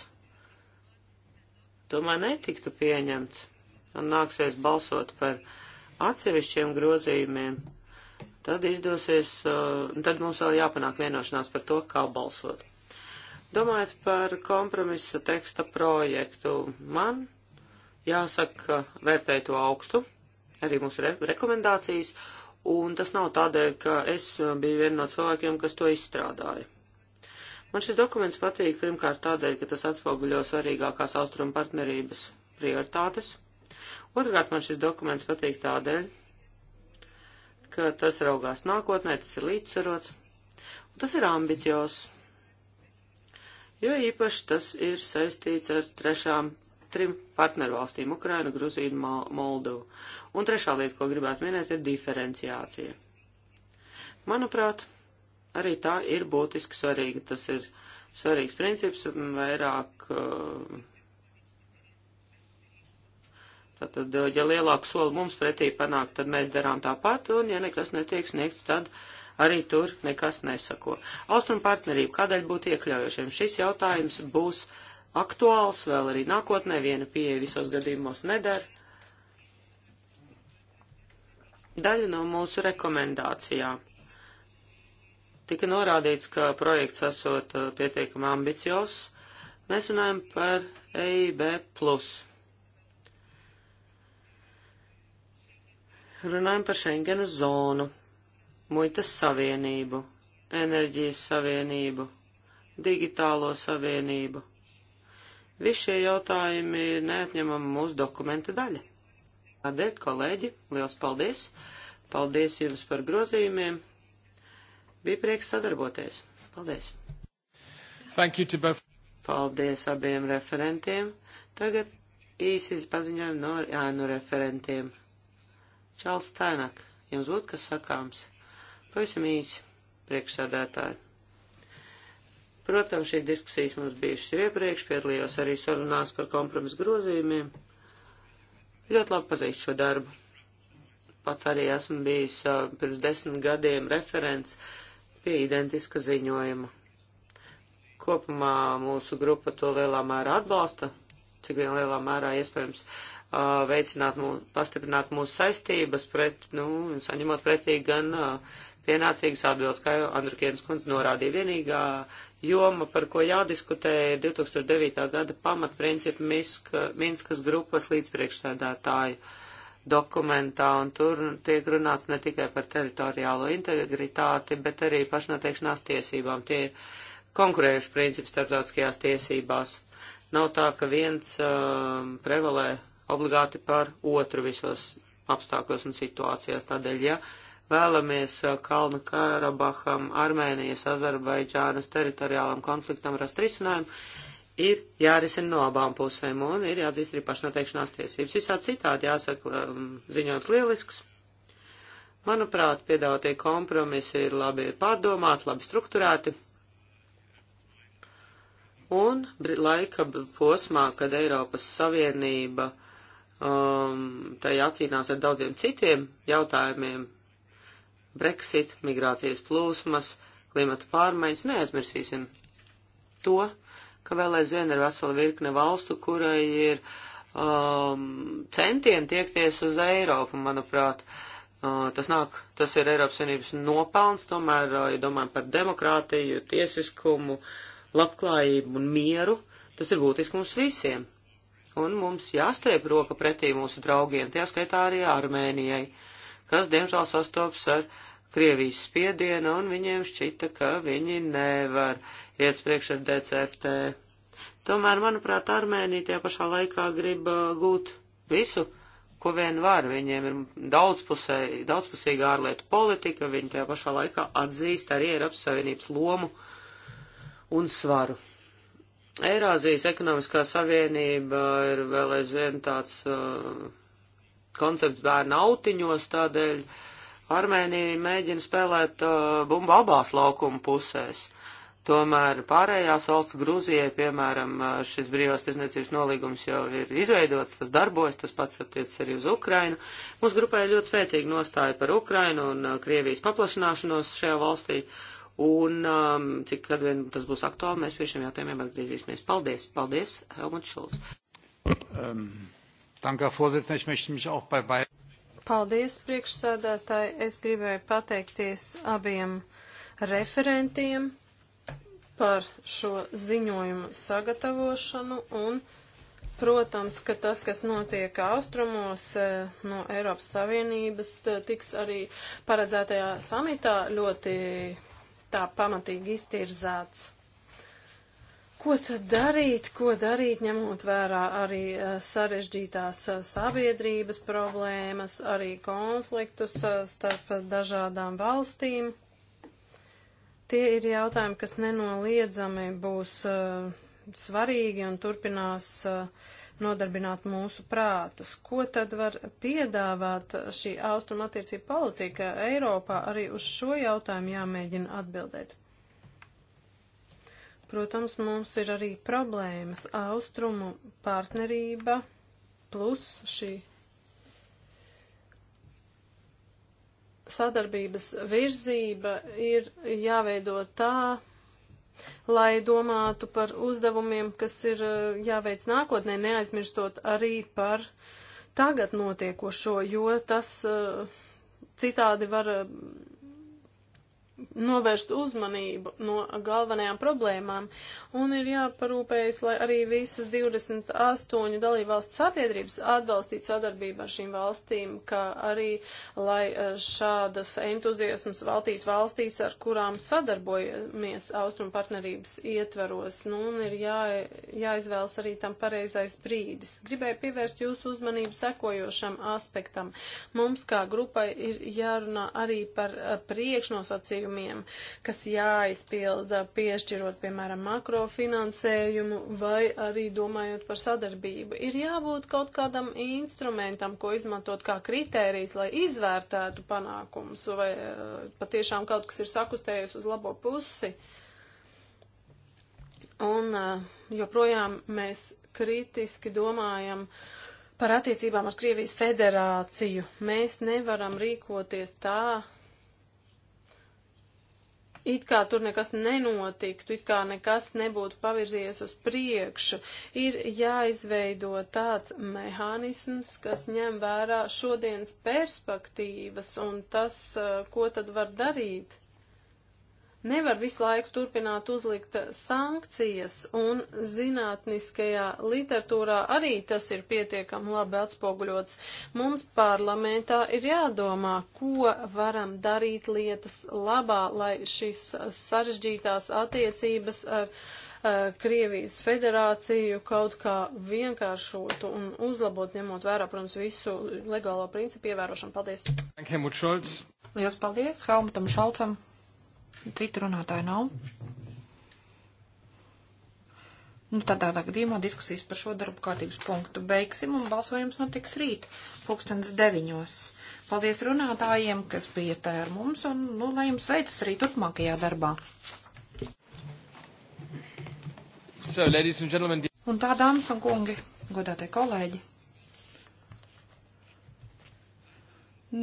domāju, netiktu pieņemts un nāksies balsot par atsevišķiem grozījumiem, tad izdosies, tad mums vēl jāpanāk vienošanās par to, kā balsot. Domājot par kompromisa teksta projektu, man jāsaka, vērtēju to augstu, arī mūsu re rekomendācijas, un tas nav tādēļ, ka es uh, biju viena no cilvēkiem, kas to izstrādāja. Man šis dokuments patīk pirmkārt tādēļ, ka tas atspoguļo svarīgākās austrumu partnerības prioritātes. Otrkārt, man šis dokuments patīk tādēļ, ka tas raugās nākotnē, tas ir līdzsvarots, un tas ir ambiciozs, jo īpaši tas ir saistīts ar trešām trim partnervalstīm - Ukraina, Gruzīna, Mal Moldova. Un trešā lieta, ko gribētu minēt, ir diferenciācija. Manuprāt, arī tā ir būtiski svarīga. Tas ir svarīgs princips vairāk. Eh, tātad, ja lielāku soli mums pretī panāk, tad mēs darām tāpat, un ja nekas netiek sniegts, tad arī tur nekas nesako. Austrum partnerība, kādēļ būt iekļaujošiem? Šis jautājums būs uh, aktuāls, vēl arī nākotnē viena pieeja visos gadījumos nedara. Daļa no mūsu rekomendācijām tika norādīts, ka projekts esot uh, pietiekami ambiciozs. Mēs runājam par EIB. Runājam par Schengenas zonu, muitas savienību, enerģijas savienību, digitālo savienību, Visi šie jautājumi ir neatņemama mūsu dokumenta daļa. Tādēļ, kolēģi, liels paldies! Paldies jums par grozījumiem! Bija prieks sadarboties! Paldies! Thank you to both. Paldies abiem referentiem. Tagad īsi paziņojumi no ēnu referentiem. Čāls Tainak, jums būtu kas sakāms? Pavisam īsi, priekšsādētāji. Protams, šī diskusijas mums bijušas jau iepriekš, piedalījos arī sarunās par kompromisu grozījumiem. Ļoti labi pazīst šo darbu. Pats arī esmu bijis uh, pirms desmit gadiem referents pie identiska ziņojuma. Kopumā mūsu grupa to lielā mērā atbalsta, cik vien lielā mērā iespējams uh, veicināt, mūs, pastiprināt mūsu saistības pret, nu, saņemot pretī gan uh, pienācīgas atbildes, kā jau Andrukienas kundze norādīja. Vienīgā joma, par ko jādiskutē, ir 2009. gada pamatprincipi Miska, Minskas grupas līdzpriekšsēdētāju dokumentā, un tur tiek runāts ne tikai par teritoriālo integritāti, bet arī pašnoteikšanās tiesībām. Tie ir konkurējuši principi starptautiskajās tiesībās. Nav tā, ka viens um, prevalē obligāti par otru visos apstākļos un situācijās. Tādēļ, ja vēlamies uh, Kalnu Karabaham, Armēnijas, Azerbaidžānas teritoriālam konfliktam rast risinājumu, ir jārisina no abām pusēm un ir jāatzīst arī pašnoteikšanās tiesības. Visā citādi jāsaka, um, ziņojums lielisks. Manuprāt, piedāvātie kompromisi ir labi pārdomāti, labi strukturēti. Un laika posmā, kad Eiropas Savienība um, tai acīnās ar daudziem citiem jautājumiem, Brexit, migrācijas plūsmas, klimata pārmaiņas, neaizmirsīsim to, ka vēl aizvien ir vesela virkne valstu, kurai ir um, centieni tiekties uz Eiropu, manuprāt. Uh, tas nāk, tas ir Eiropas Savienības nopelns, tomēr, uh, ja domājam par demokrātiju, tiesiskumu, labklājību un mieru, tas ir būtiski mums visiem. Un mums jāstiep roka pretī mūsu draugiem, tie skaitā arī Armēnijai. Uh, kas, diemžēl, sastopas ar Krievijas spiedienu, un viņiem šķita, ka viņi nevar iet spriekš ar DCFT. Tomēr, manuprāt, Armēnija tajā pašā laikā grib uh, gūt visu, ko vien var. Viņiem ir daudzpusē, daudzpusīga ārlietu politika, viņi tajā pašā laikā atzīst arī Eiropas Savienības lomu un svaru. Eirāzijas ekonomiskā savienība ir vēl aizvien tāds uh, koncepts bērnu autiņos, tādēļ Armēnija mēģina spēlēt uh, bumbu abās laukuma pusēs. Tomēr pārējās valsts Grūzijai, piemēram, uh, šis brīvās tirzniecības nolīgums jau ir izveidots, tas darbojas, tas pats attiecas arī uz Ukrainu. Mūsu grupai ir ļoti spēcīga nostāja par Ukrainu un uh, Krievijas paplašanāšanos šajā valstī. Un um, cik kad vien tas būs aktuāli, mēs pie šiem jautājumiem atgriezīsimies. Paldies! Paldies, Helmut Šulc! Um. Danke, Herr Vorsitzender. Ich möchte mich auch bei beiden. Paldies, priekšsēdētāji. Es gribēju pateikties abiem referentiem par šo ziņojumu sagatavošanu un, protams, ka tas, kas notiek austrumos eh, no Eiropas Savienības, eh, tiks arī paredzētajā samitā ļoti tā pamatīgi iztirzēts. Ko tad darīt, ko darīt, ņemot vērā arī eh, sarežģītās eh, sabiedrības problēmas, arī konfliktus eh, starp dažādām valstīm? Tie ir jautājumi, kas nenoliedzami būs svarīgi un turpinās nodarbināt mūsu prātus. Ko tad var piedāvāt šī austrumattiecība politika Eiropā? Arī uz šo jautājumu jāmēģina atbildēt protams, mums ir arī problēmas. Austrumu partnerība plus šī sadarbības virzība ir jāveido tā, lai domātu par uzdevumiem, kas ir eh, jāveic nākotnē, neaizmirstot arī par tagad notiekošo, jo tas eh, citādi var novērst uzmanību no galvenajām problēmām, un ir jāparūpējas, lai arī visas 28 dalībvalsts sabiedrības atbalstītu sadarbību ar šīm valstīm, kā arī, lai e, šādas entuziasmas valtītu valstīs, ar kurām sadarbojamies austrumu partnerības ietvaros, nu, un ir jā, jāizvēlas arī tam pareizais brīdis. Gribēju pievērst jūsu uzmanību sekojošam aspektam. Mums kā grupai ir jārunā arī par e, priekšnosacījumu noteikumiem, kas jāizpilda piešķirot, piemēram, makrofinansējumu vai arī domājot par sadarbību. Ir jābūt kaut kādam instrumentam, ko izmantot kā kritērijs, lai izvērtētu panākumus vai eh, patiešām kaut kas ir sakustējies uz labo pusi. Un eh, joprojām mēs kritiski domājam, par attiecībām ar Krievijas federāciju. Mēs nevaram rīkoties tā, it kā tur nekas nenotiktu, it kā nekas nebūtu pavirzies uz priekšu, ir jāizveido tāds mehānisms, kas ņem vērā šodienas perspektīvas un tas, eh, ko tad var darīt. Nevar visu laiku turpināt uzlikt sankcijas, un zinātniskajā literatūrā arī tas ir pietiekami labi atspoguļots. Mums parlamentā ir jādomā, ko varam darīt lietas labā, lai šīs sarežģītās attiecības ar, ar Krievijas federāciju kaut kā vienkāršotu un uzlabot, ņemot vērā, protams, visu legālo principu ievērošanu. Paldies! Liels paldies Helmutam Šalcam! Citu runātāju nav. Nu, tādā, tādā gadījumā diskusijas par šo darbu kārtības punktu beigsim un balsojums notiks rīt, pulkstens deviņos. Paldies runātājiem, kas bija tā ar mums un, nu, lai jums veicas arī turpmākajā darbā. So, un tā, dāmas un kungi, godātie kolēģi,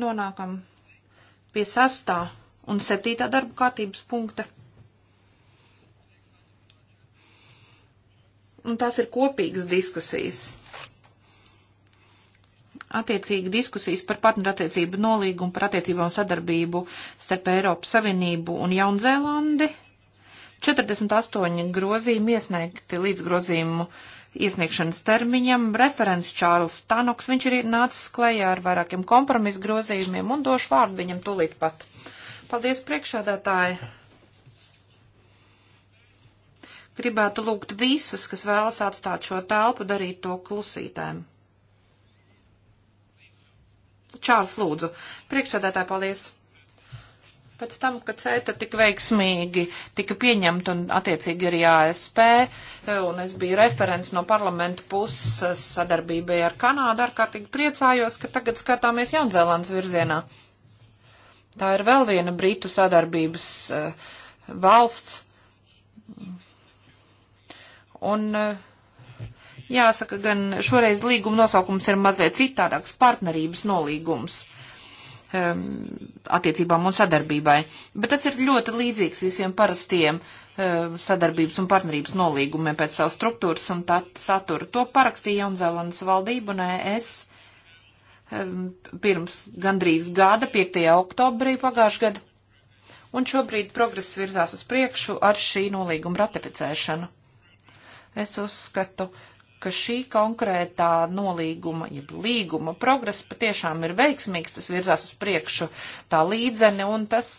nonākam pie sastā un septītā darba kārtības punkta. Un tās ir kopīgas diskusijas. Attiecīgi diskusijas par partnerattiecību nolīgumu, par attiecībām sadarbību starp Eiropas Savienību un Jaunzēlandi. 48 grozījumi iesniegti līdz grozījumu iesniegšanas termiņam. Referents Čārls Stanoks, viņš ir nācis klējā ar vairākiem kompromisu grozījumiem un došu vārdu viņam tūlīt pat. Uh, Paldies, priekšādātāji! Gribētu lūgt visus, kas vēlas atstāt šo telpu, darīt to klusītēm. Čārs, lūdzu. Priekšādātāji, paldies! Pēc tam, kad CETA tik veiksmīgi tika pieņemta un attiecīgi arī ASP, un es biju referents no parlamentu puses sadarbībai ar Kanādu, ārkārtīgi priecājos, ka tagad skatāmies Jaunzēlandes virzienā. Tā ir vēl viena Britu sadarbības uh, valsts. Un uh, jāsaka, gan šoreiz līguma nosaukums ir mazliet citādāks - partnerības nolīgums um, attiecībām un sadarbībai. Bet tas ir ļoti līdzīgs visiem parastiem uh, sadarbības un partnerības nolīgumiem pēc savas struktūras un tā satura. To parakstīja Jaunzēlandes valdība un ES pirms gandrīz gada, 5. oktobrī pagājušajā gadā, un šobrīd progress virzās uz priekšu ar šī nolīguma ratificēšanu. Es uzskatu, ka šī konkrētā nolīguma, jeb līguma progress patiešām ir veiksmīgs, tas virzās uz priekšu tā līdzene, un tas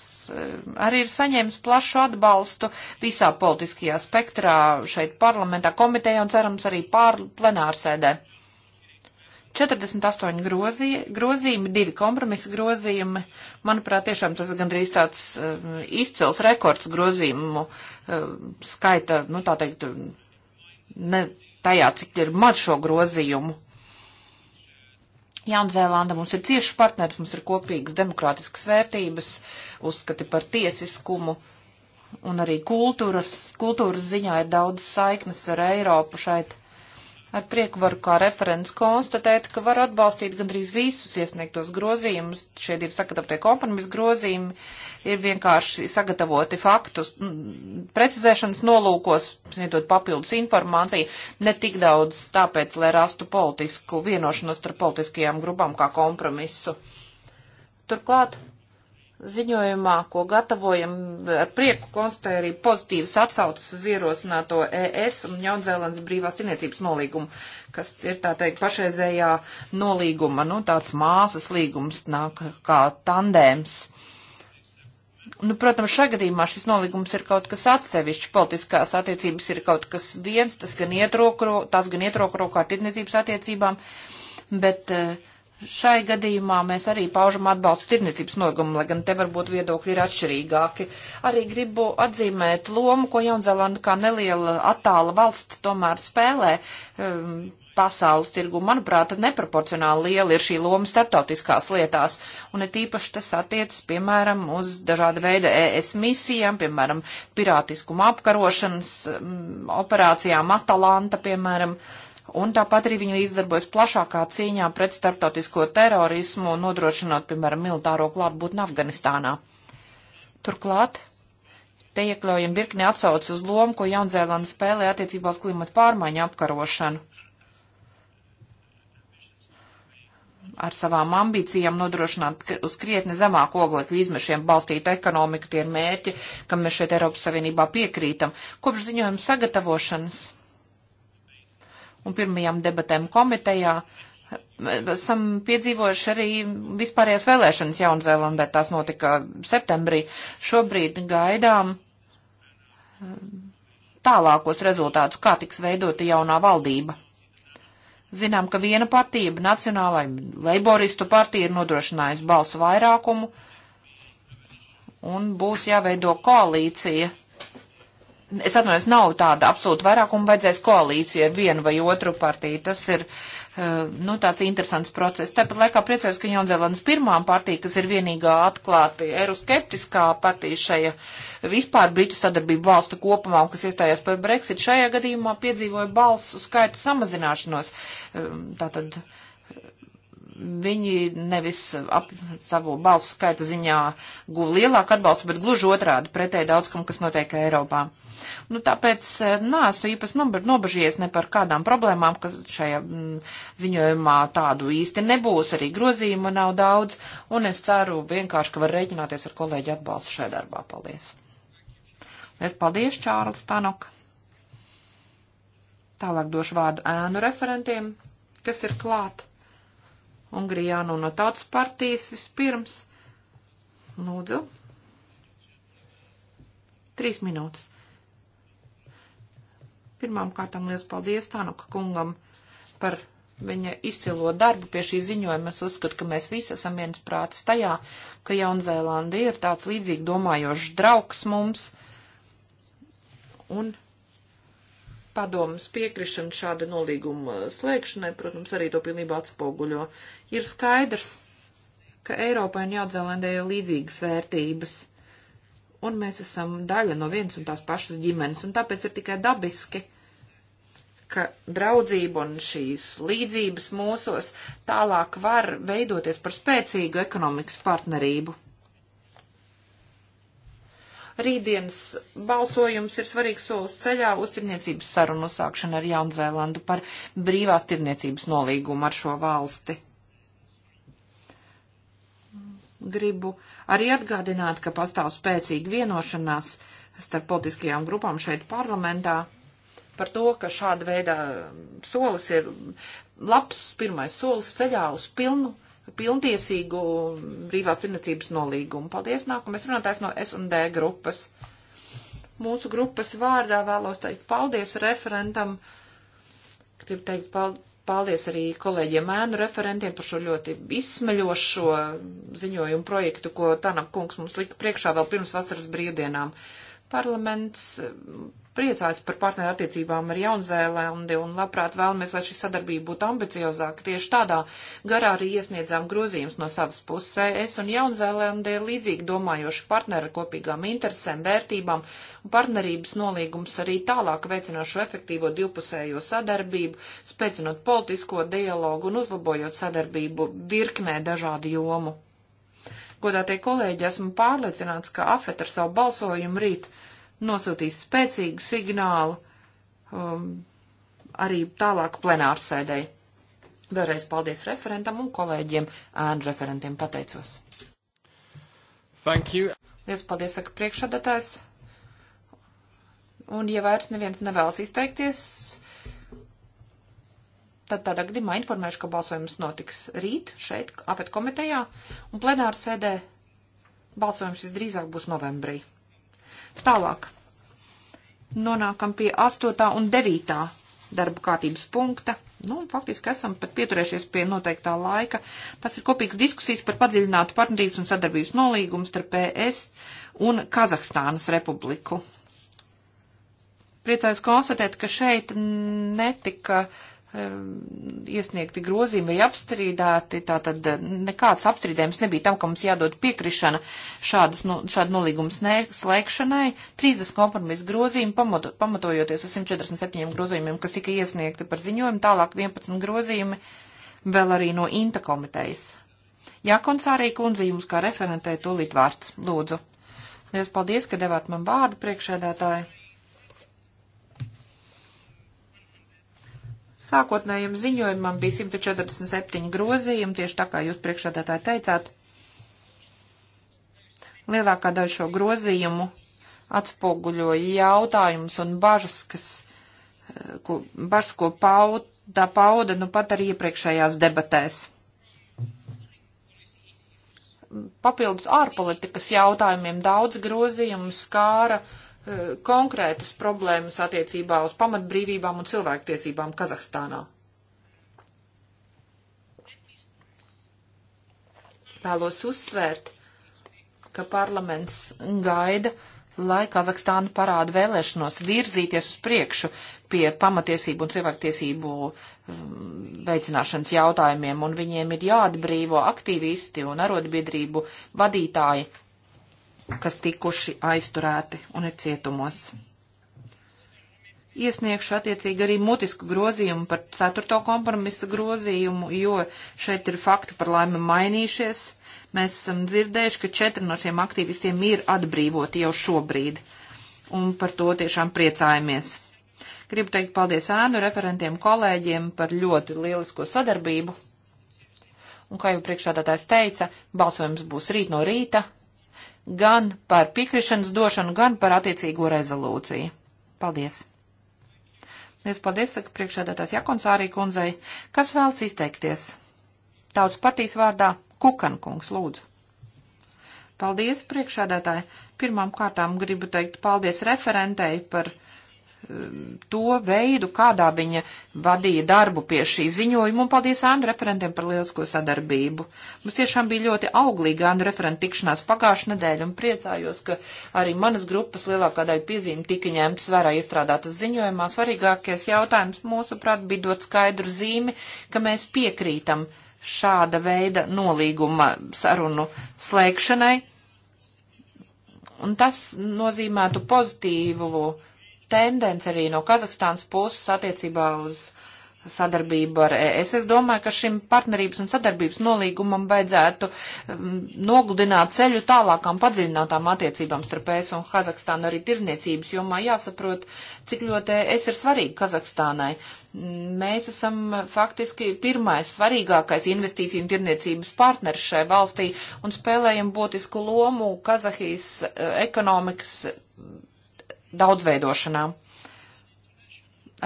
arī ir saņēmis plašu atbalstu visā politiskajā spektrā šeit parlamentā, komitejā un cerams arī pār plenārsēdē. Ar 48 grozī, grozījumi, divi kompromisa grozījumi. Manuprāt, tiešām tas gandrīz tāds uh, izcils rekords grozījumu uh, skaita, nu tā teikt, ne tajā, cik ir maz šo grozījumu. Jaunzēlanda mums ir cieši partners, mums ir kopīgas demokrātiskas vērtības, uzskati par tiesiskumu, un arī kultūras, kultūras ziņā ir daudz saiknes ar Eiropu šeit Ar prieku varu kā referents konstatēt, ka var atbalstīt gandrīz visus iesniegtos grozījumus. Šeit ir sagatavotie kompromisu grozījumi, ir vienkārši sagatavoti faktus, precizēšanas nolūkos, sniedot papildus informāciju, ne tik daudz tāpēc, lai rastu politisku vienošanos starp politiskajām grupām kā kompromisu. Turklāt ziņojumā, ko gatavojam, ar prieku konstatēja arī pozitīvas atsaucas uz ierosināto ES un Jaunzēlandes brīvās ciniecības nolīgumu, kas ir tā teikt pašreizējā nolīguma, nu tāds māsas līgums nāk kā tandēms. Nu, protams, šajā gadījumā šis nolīgums ir kaut kas atsevišķs, politiskās attiecības ir kaut kas viens, tas gan ietrokro, tas gan ietrokro kā tirnezības attiecībām, bet uh, Šai gadījumā mēs arī paužam atbalstu tirnicības nogumu, lai gan te varbūt viedokļi ir atšķirīgāki. Arī gribu atzīmēt lomu, ko Jaunzēlanda kā neliela attāla valsts tomēr spēlē um, pasaules tirgu. Manuprāt, neproporcionāli liela ir šī loma starptautiskās lietās, un ir tīpaši tas attiecas, piemēram, uz dažāda veida ES misijām, piemēram, pirātiskuma apkarošanas um, operācijām Atalanta, piemēram. Uh, un tāpat arī viņi līdzdarbojas plašākā cīņā pret starptautisko terorismu, nodrošinot, piemēram, militāro klātbūtni Afganistānā. Turklāt, te iekļaujam virkni atsauci uz lomu, ko Jaunzēlanda spēlē attiecībā uz klimatu pārmaiņu apkarošanu. Ar savām ambīcijām nodrošināt uz krietni zemāku oglekļu izmešiem balstīta ekonomika tie mērķi, kam mēs šeit Eiropas Savienībā piekrītam. Kopš ziņojuma sagatavošanas un pirmajām debatēm komitejā. Esam piedzīvojuši arī vispārējās vēlēšanas Jaunzēlandē, tās notika septembrī. Šobrīd gaidām eh, tālākos rezultātus, kā tiks veidota jaunā valdība. Zinām, ka viena partija, Nacionālai Leiboristu partija, ir nodrošinājusi balsu vairākumu un būs jāveido koalīcija es atvainojos, nav tāda absolūta vairākuma, vajadzēs koalīcija vienu vai otru partiju. Tas ir, eh, nu, tāds interesants process. Tāpat laikā priecājos, ka Jaunzēlandes pirmā partija, kas ir vienīgā atklāti eiroskeptiskā partija šajā vispār Britu sadarbību valstu kopumā, un kas iestājās par Brexit, šajā gadījumā piedzīvoja balsu skaita samazināšanos. Ehm, tātad. Uh, viņi nevis ap savu balsu skaita ziņā guva lielāku atbalstu, bet gluži otrādi pretēji daudz kam, kas notiek Eiropā. Nu, tāpēc eh, nāsu īpaši nobažījies ne par kādām problēmām, kas šajā mm, ziņojumā tādu īsti nebūs, arī grozījumu nav daudz, un es ceru vienkārši, ka var rēķināties ar kolēģi atbalstu šajā darbā. Paldies! Es paldies, Čārlis Tanok! Tālāk došu vārdu ēnu referentiem, kas ir klāt. Ungrijānu un no tautas partijas vispirms. Lūdzu. Trīs minūtes. Pirmām kārtām liels paldies Tanuka kungam par viņa izcilo darbu pie šī ziņojuma. Es uzskatu, ka mēs visi esam viensprāts tajā, ka Jaunzēlanda ir tāds līdzīgi domājošs draugs mums. Un padomas piekrišana šāda nolīguma slēgšanai, protams, arī to pilnībā atspoguļo. Ir skaidrs, ka Eiropai un Jaunzēlandē ir līdzīgas vērtības, un mēs esam daļa no vienas un tās pašas ģimenes, un tāpēc ir tikai dabiski, ka draudzība un šīs līdzības mūsos tālāk var veidoties par spēcīgu ekonomikas partnerību. Rītdienas balsojums ir svarīgs solis ceļā uz tirniecības sarunu sākšanu ar Jaunzēlandu par brīvās tirniecības nolīgumu ar šo valsti. Gribu arī atgādināt, ka pastāv spēcīga vienošanās starp politiskajām grupām šeit parlamentā par to, ka šāda veida solis ir labs pirmais solis ceļā uz pilnu pilntiesīgu brīvās tirnacības nolīgumu. Paldies, nākamais runātājs no S&D grupas. Mūsu grupas vārdā vēlos teikt paldies referentam. Gribu teikt paldies arī kolēģiem ēnu referentiem par šo ļoti izsmeļošo ziņojumu projektu, ko Tanap kungs mums lika priekšā vēl pirms vasaras brīvdienām. Parlaments priecājas par partnerattiecībām ar Jaunzēlandi un labprāt vēlamies, lai šī sadarbība būtu ambiciozāka. Tieši tādā garā arī iesniedzām grozījums no savas puses. Es un Jaunzēlandi ir līdzīgi domājoši partneri ar kopīgām interesēm, vērtībām un partnerības nolīgums arī tālāk veicinošu efektīvo divpusējo sadarbību, spēcinot politisko dialogu un uzlabojot sadarbību virknē dažādu jomu. Godātie kolēģi, esmu pārliecināts, ka Afet ar savu balsojumu rīt nosūtīs spēcīgu signālu um, arī tālāk plenārsēdēji. Vēlreiz paldies referentam un kolēģiem, ēnu referentiem pateicos. Thank you. Liels paldies, saka priekšsādātājs. Un, ja vairs neviens nevēlas izteikties, tad tādā gadījumā informēšu, ka balsojums notiks rīt šeit, apet komitejā, un plenāra sēdē balsojums visdrīzāk būs novembrī. Tālāk nonākam pie 8. un 9. darba kārtības punkta. Nu, faktiski esam pat pieturējušies pie noteiktā laika. Tas ir kopīgs diskusijas par padziļinātu partnerības un sadarbības nolīgumu starp PS e un Kazahstānas republiku. Priecājos konstatēt, ka šeit netika uh, iesniegti grozījumi vai apstrīdēti, tātad eh, nekāds apstrīdējums nebija tam, ka mums jādod piekrišana šādas, nu, šāda nolīguma slēgšanai. 30 kompromisa grozījumi pamato, pamatojoties uz 147 grozījumiem, kas tika iesniegti par ziņojumu, tālāk 11 grozījumi vēl arī no Inta komitejas. Jākons arī kundze jums kā referentē tūlīt vārds. Lūdzu. Lielas paldies, ka devāt man vārdu priekšēdētāji. Sākotnējiem ziņojumam bija 147 grozījumi, tieši tā kā jūs priekšādātāji teicāt. Lielākā daļa šo grozījumu atspoguļoja jautājumus un bažas, kas, eh, ko, bažas, ko paut, tā pauda nu pat arī iepriekšējās debatēs. Papildus ārpolitikas jautājumiem daudz grozījumu skāra uh, Eh, konkrētas problēmas attiecībā uz pamatbrīvībām un cilvēktiesībām Kazahstānā. Vēlos uzsvērt, ka parlaments gaida, lai Kazahstāna parāda vēlēšanos virzīties uz priekšu pie pamatiesību un cilvēktiesību mm, veicināšanas jautājumiem, un viņiem ir jāatbrīvo aktīvisti un arodbiedrību vadītāji kas tikuši aizturēti un ir cietumos. Iesniegšu attiecīgi arī mutisku grozījumu par ceturto kompromisa grozījumu, jo šeit ir fakti par laimi mainījušies. Mēs esam dzirdējuši, ka četri no šiem aktīvistiem ir atbrīvoti jau šobrīd, un par to tiešām priecājamies. Gribu teikt paldies ēnu referentiem, kolēģiem par ļoti lielisko sadarbību. Un kā jau priekšādātājs teica, balsojums būs rīt no rīta gan par piekrišanas došanu, gan par attiecīgo rezolūciju. Paldies! Es paldies, saka priekšādātās Jakons Ārī kundzei. Kas vēlas izteikties? Tautas partijas vārdā Kukankungs, lūdzu. Paldies, priekšādātāji. Pirmām kārtām gribu teikt paldies referentei par to veidu, kādā viņa vadīja darbu pie šī ziņojuma, un paldies ēnu referentiem par lielisko sadarbību. Mums tiešām bija ļoti auglīga ēnu referenta tikšanās pagājušā nedēļa, un priecājos, ka arī manas grupas lielākā daļa piezīme tika ņemtas vērā iestrādātas ziņojumā. Svarīgākais jautājums, mūsuprāt, bija dot skaidru zīmi, ka mēs piekrītam šāda veida nolīguma sarunu slēgšanai, un tas nozīmētu pozitīvu tendence arī no Kazahstānas puses attiecībā uz sadarbību ar ES. Es domāju, ka šim partnerības un sadarbības nolīgumam vajadzētu mm, nogludināt ceļu tālākām padziļinātām attiecībām starp ES un Kazahstānu arī tirniecības jomā jāsaprot, cik ļoti ES ir svarīga Kazahstānai. Mm, mēs esam faktiski pirmais svarīgākais investīciju un tirniecības partners šai valstī un spēlējam būtisku lomu Kazahijas e, ekonomikas daudzveidošanā.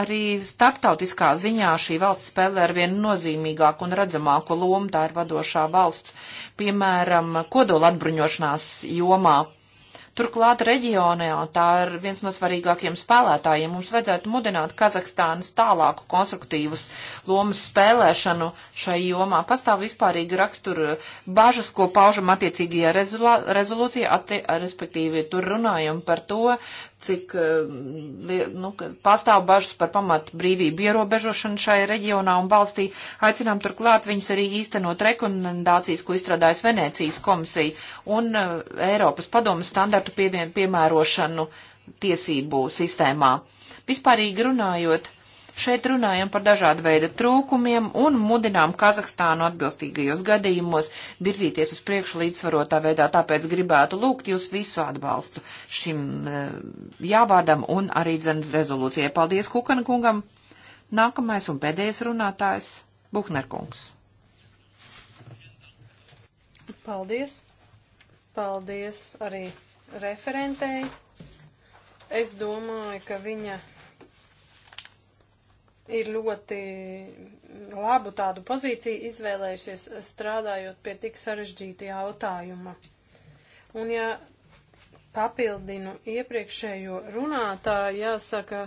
Arī starptautiskā ziņā šī valsts spēlē ar vien nozīmīgāku un redzamāku lomu, tā ir vadošā valsts, piemēram, kodola atbruņošanās jomā. Turklāt reģionē tā ir viens no svarīgākiem spēlētājiem. Mums vajadzētu mudināt Kazahstānas tālāku konstruktīvas lomas spēlēšanu šai jomā. Pastāv vispārīgi rakstura bažas, ko paužam attiecīgajā rezolūcijā, atti respektīvi tur runājam par to, cik eh, nu, pastāv bažas par pamatu brīvību ierobežošanu šajā reģionā un valstī. Aicinām turklāt viņus arī īstenot rekomendācijas, ko izstrādājas Venēcijas komisija un eh, Eiropas padomas standartu piemērošanu tiesību sistēmā. Vispārīgi runājot, uh, Šeit runājam par dažādu veidu trūkumiem un mudinām Kazahstānu atbilstīgajos gadījumos virzīties uz priekšu līdzsvarotā veidā, tāpēc gribētu lūgt jūs visu atbalstu šim eh, jāvārdam un arī dzenas rezolūcijai. Paldies Kukana kungam. Nākamais un pēdējais runātājs - Buhner kungs. Paldies. Paldies arī referentei. Es domāju, ka viņa ir ļoti labu tādu pozīciju izvēlējušies strādājot pie tik sarežģīta jautājuma. Un ja papildinu iepriekšējo runātāju, jāsaka,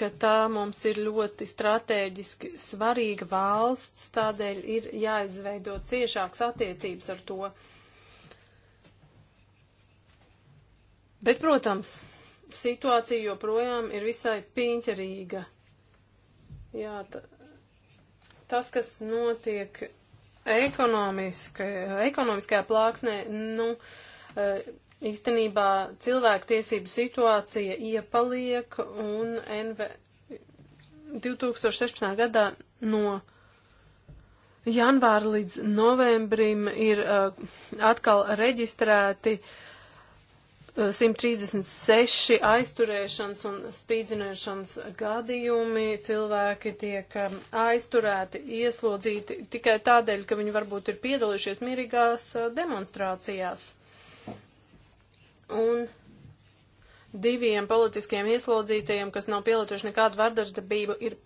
ka tā mums ir ļoti strateģiski svarīga valsts, tādēļ ir jāizveido ciešāks attiecības ar to. Bet, protams, situācija joprojām ir visai piņķerīga. Jā, tas, kas notiek ekonomiska, ekonomiskajā plāksnē, nu, e, īstenībā cilvēktiesību situācija iepaliek un NV 2016. gadā no janvāra līdz novembrim ir e, atkal reģistrēti uh, 136 uh, aizturēšanas un spīdzināšanas gadījumi. Cilvēki tiek um, aizturēti, ieslodzīti tikai tādēļ, ka viņi varbūt ir piedalījušies mierīgās uh, demonstrācijās. Un diviem politiskiem ieslodzītajiem, kas nav pielietojuši nekādu vardarbību, ir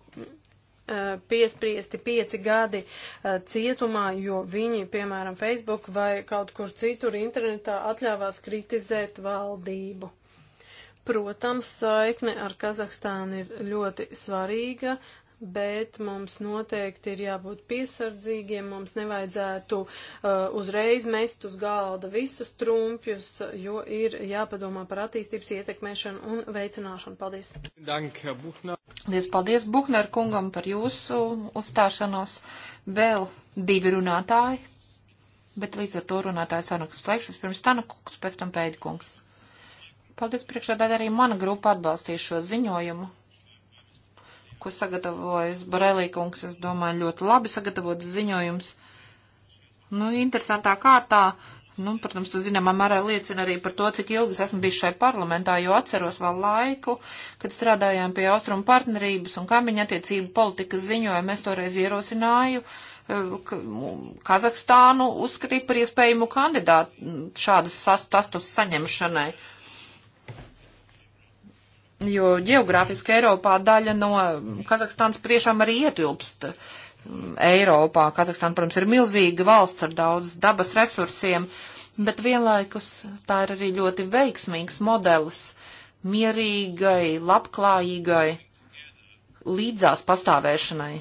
Eh, piespriesti pieci gadi eh, cietumā, jo viņi, piemēram, Facebook vai kaut kur citur internetā atļāvās kritizēt valdību. Protams, saikne ar Kazahstānu ir ļoti svarīga, bet mums noteikti ir jābūt piesardzīgiem, mums nevajadzētu uh, uzreiz mest uz galda visus trumpjus, jo ir jāpadomā par attīstības ietekmēšanu un veicināšanu. Paldies! Dank, Lies, paldies Buhner kungam par jūsu uzstāšanos. Vēl divi runātāji, bet līdz ar to runātājs Anukas Slēkšus, pirms Tanakuks, pēc tam Pēdikungs. Paldies priekšādā arī mana grupa atbalstīs šo ziņojumu ko sagatavojas Borelīkungs, es domāju, ļoti labi sagatavotas ziņojums. Nu, interesantā kārtā, nu, protams, tas zināmā mērā liecina arī par to, cik ilgi esmu bijis šai parlamentā, jo atceros vēl laiku, kad strādājām pie austrumu partnerības un kaimiņa attiecību politikas ziņojumu, es toreiz ierosināju. Eh, Kazahstānu uzskatīt par iespējamu kandidātu šādas sastastus saņemšanai. Uh, jo geogrāfiski Eiropā daļa no Kazahstānas priešām arī ietilpst mm, Eiropā. Kazahstāna, protams, ir milzīga valsts ar daudz dabas resursiem, bet vienlaikus tā ir arī ļoti veiksmīgs modelis mierīgai, labklājīgai līdzās pastāvēšanai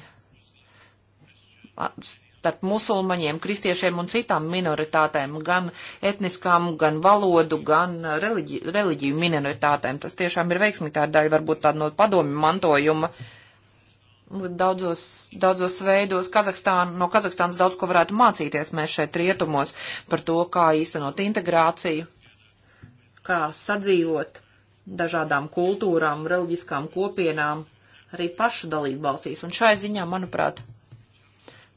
starp musulmaņiem, kristiešiem un citām minoritātēm, gan etniskām, gan valodu, gan reliģi, reliģiju minoritātēm. Tas tiešām ir veiksmīgi tā daļa, varbūt tāda no padomju mantojuma. Daudzos, daudzos veidos Kazahstāna, no Kazahstānas daudz ko varētu mācīties mēs šeit rietumos par to, kā īstenot integrāciju, kā sadzīvot dažādām kultūrām, reliģiskām kopienām, arī pašu dalību valstīs. Un šai ziņā, manuprāt,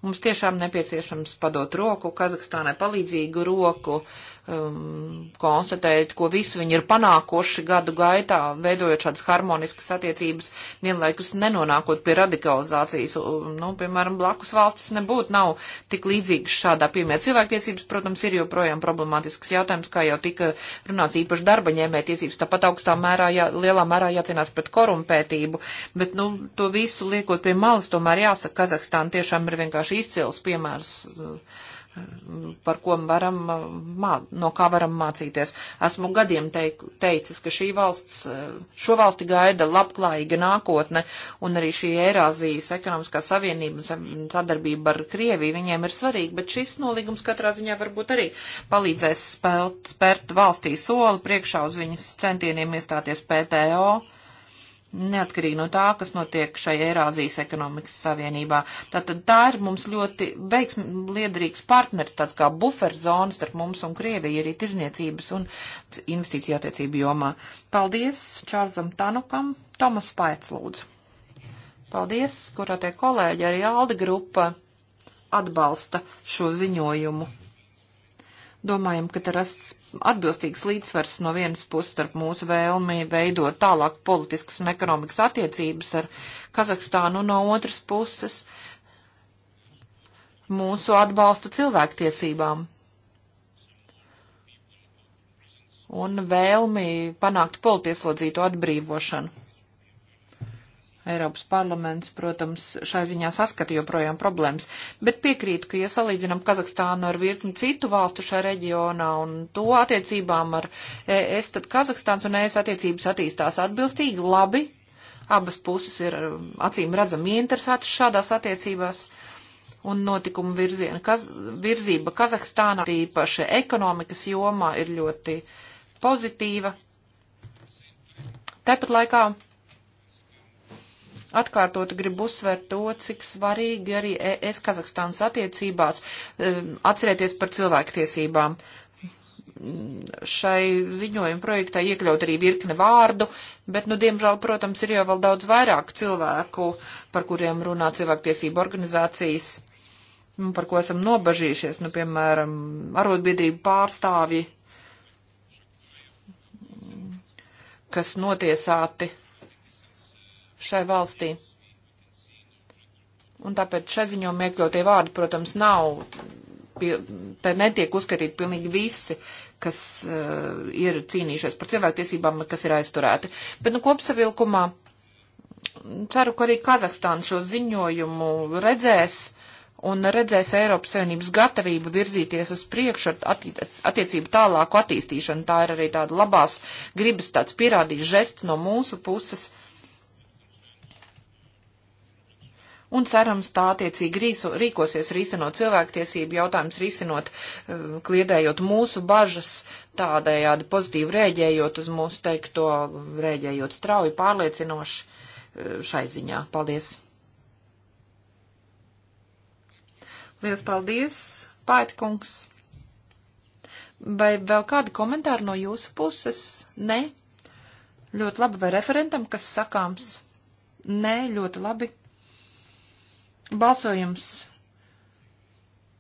Mums tiešām nepieciešams padot roku, Kazahstānai palīdzīgu roku, uh, um, konstatēt, ko visu viņi ir panākoši gadu gaitā, veidojot šādas harmoniskas attiecības, vienlaikus nenonākot pie radikalizācijas. Nu, piemēram, blakus valstis nebūtu nav tik līdzīgas šādā piemēra. Cilvēktiesības, protams, ir joprojām problemātisks jautājums, kā jau tika runāts īpaši darba ņēmē tiesības, tāpat augstā mērā, jā, lielā mērā jācīnās pret korumpētību, bet, nu, to visu liekot pie malas, tomēr jāsaka, Kazahstāna tiešām ir vienkārši izcils piemērs. Uh, par ko varam, uh, no kā varam mācīties. Esmu gadiem teik, teicis, ka šī valsts, uh, šo valsti gaida labklājīga nākotne, un arī šī Eirāzijas ekonomiskā savienība un sadarbība ar Krieviju viņiem ir svarīga, bet šis nolīgums katrā ziņā varbūt arī palīdzēs spēlt, spērt valstī soli priekšā uz viņas centieniem iestāties PTO neatkarīgi no tā, kas notiek šai Eirāzijas ekonomikas savienībā. Tātad tā ir mums ļoti veiksmi liederīgs partners, tāds kā buferzona starp mums un Krieviju, arī tirzniecības un investīciju attiecību jomā. Paldies Čārzam Tanukam, Tomas Paets lūdzu. Paldies, kurā tie kolēģi, arī Alde grupa atbalsta šo ziņojumu. Domājam, ka te rasts atbilstīgs līdzsvars no vienas puses starp mūsu vēlmi veidot tālāk politiskas un ekonomikas attiecības ar Kazahstānu, no otras puses mūsu atbalstu cilvēktiesībām un vēlmi panākt politieslodzīto atbrīvošanu. Eiropas parlaments, protams, šai ziņā saskata joprojām problēmas. Bet piekrītu, ka, ja salīdzinām Kazahstānu ar virkni citu valstu šajā reģionā un to attiecībām ar ES, tad Kazahstāns un ES attiecības attīstās atbilstīgi, labi. Abas puses ir acīm redzami interesētas šādās attiecībās un notikumu virziena, kaz, virzība Kazahstānā, tīpaši ekonomikas jomā, ir ļoti pozitīva. Tāpat laikā Atkārtot gribu uzsvērt to, cik svarīgi arī es Kazahstānas attiecībās um, atcerēties par cilvēktiesībām. Šai ziņojuma projektā iekļaut arī virkne vārdu, bet, nu, diemžēl, protams, ir jau vēl daudz vairāk cilvēku, par kuriem runā cilvēktiesību organizācijas, par ko esam nobažījušies, nu, piemēram, arotbiedrību pārstāvji, kas notiesāti šai valstī. Un tāpēc šai ziņojumā iekļautie vārdi, protams, nav, te netiek uzskatīti pilnīgi visi, kas uh, ir cīnījušies par cilvēktiesībām, kas ir aizturēti. Bet, nu, kopsavilkumā ceru, ka arī Kazahstāna šo ziņojumu redzēs un redzēs Eiropas Savienības gatavību virzīties uz priekšu ar attiecību tālāku attīstīšanu. Tā ir arī tāda labās gribas tāds pierādījis žests no mūsu puses un cerams tā attiecīgi rīso, rīkosies risinot cilvēktiesību jautājums, risinot, eh, kliedējot mūsu bažas, tādējādi pozitīvi rēģējot uz mūsu teikto, rēģējot strauji, pārliecinoši eh, šai ziņā. Paldies! Lielas paldies, Paitkungs! Vai vēl kādi komentāri no jūsu puses? Nē? Ļoti labi, vai referentam, kas sakāms? Nē, ļoti labi. Balsojums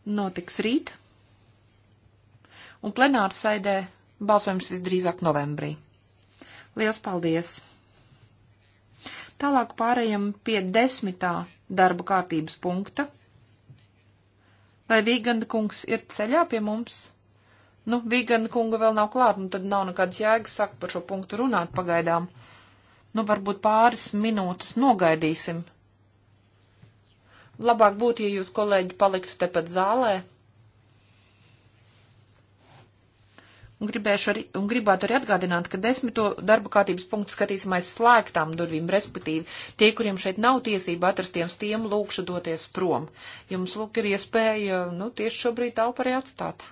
notiks rīt, un plenāra saidē balsojums visdrīzāk novembrī. Liels paldies! Tālāk pārējam pie desmitā darba kārtības punkta. Vai Vīganda kungs ir ceļā pie mums? Nu, Vīganda kunga vēl nav klāt, nu tad nav nekādas jēgas sakt par šo punktu runāt pagaidām. Nu, varbūt pāris minūtes nogaidīsim, Labāk būtu, ja jūs, kolēģi, paliktu tepat zālē. Un, arī, un gribētu arī atgādināt, ka desmito darba kārtības punktu skatīsim aiz slēgtām durvīm, respektīvi tie, kuriem šeit nav tiesība atrasties, tiem lūkšu doties prom. Jums, lūk, ir iespēja, nu, tieši šobrīd taupa arī atstāt.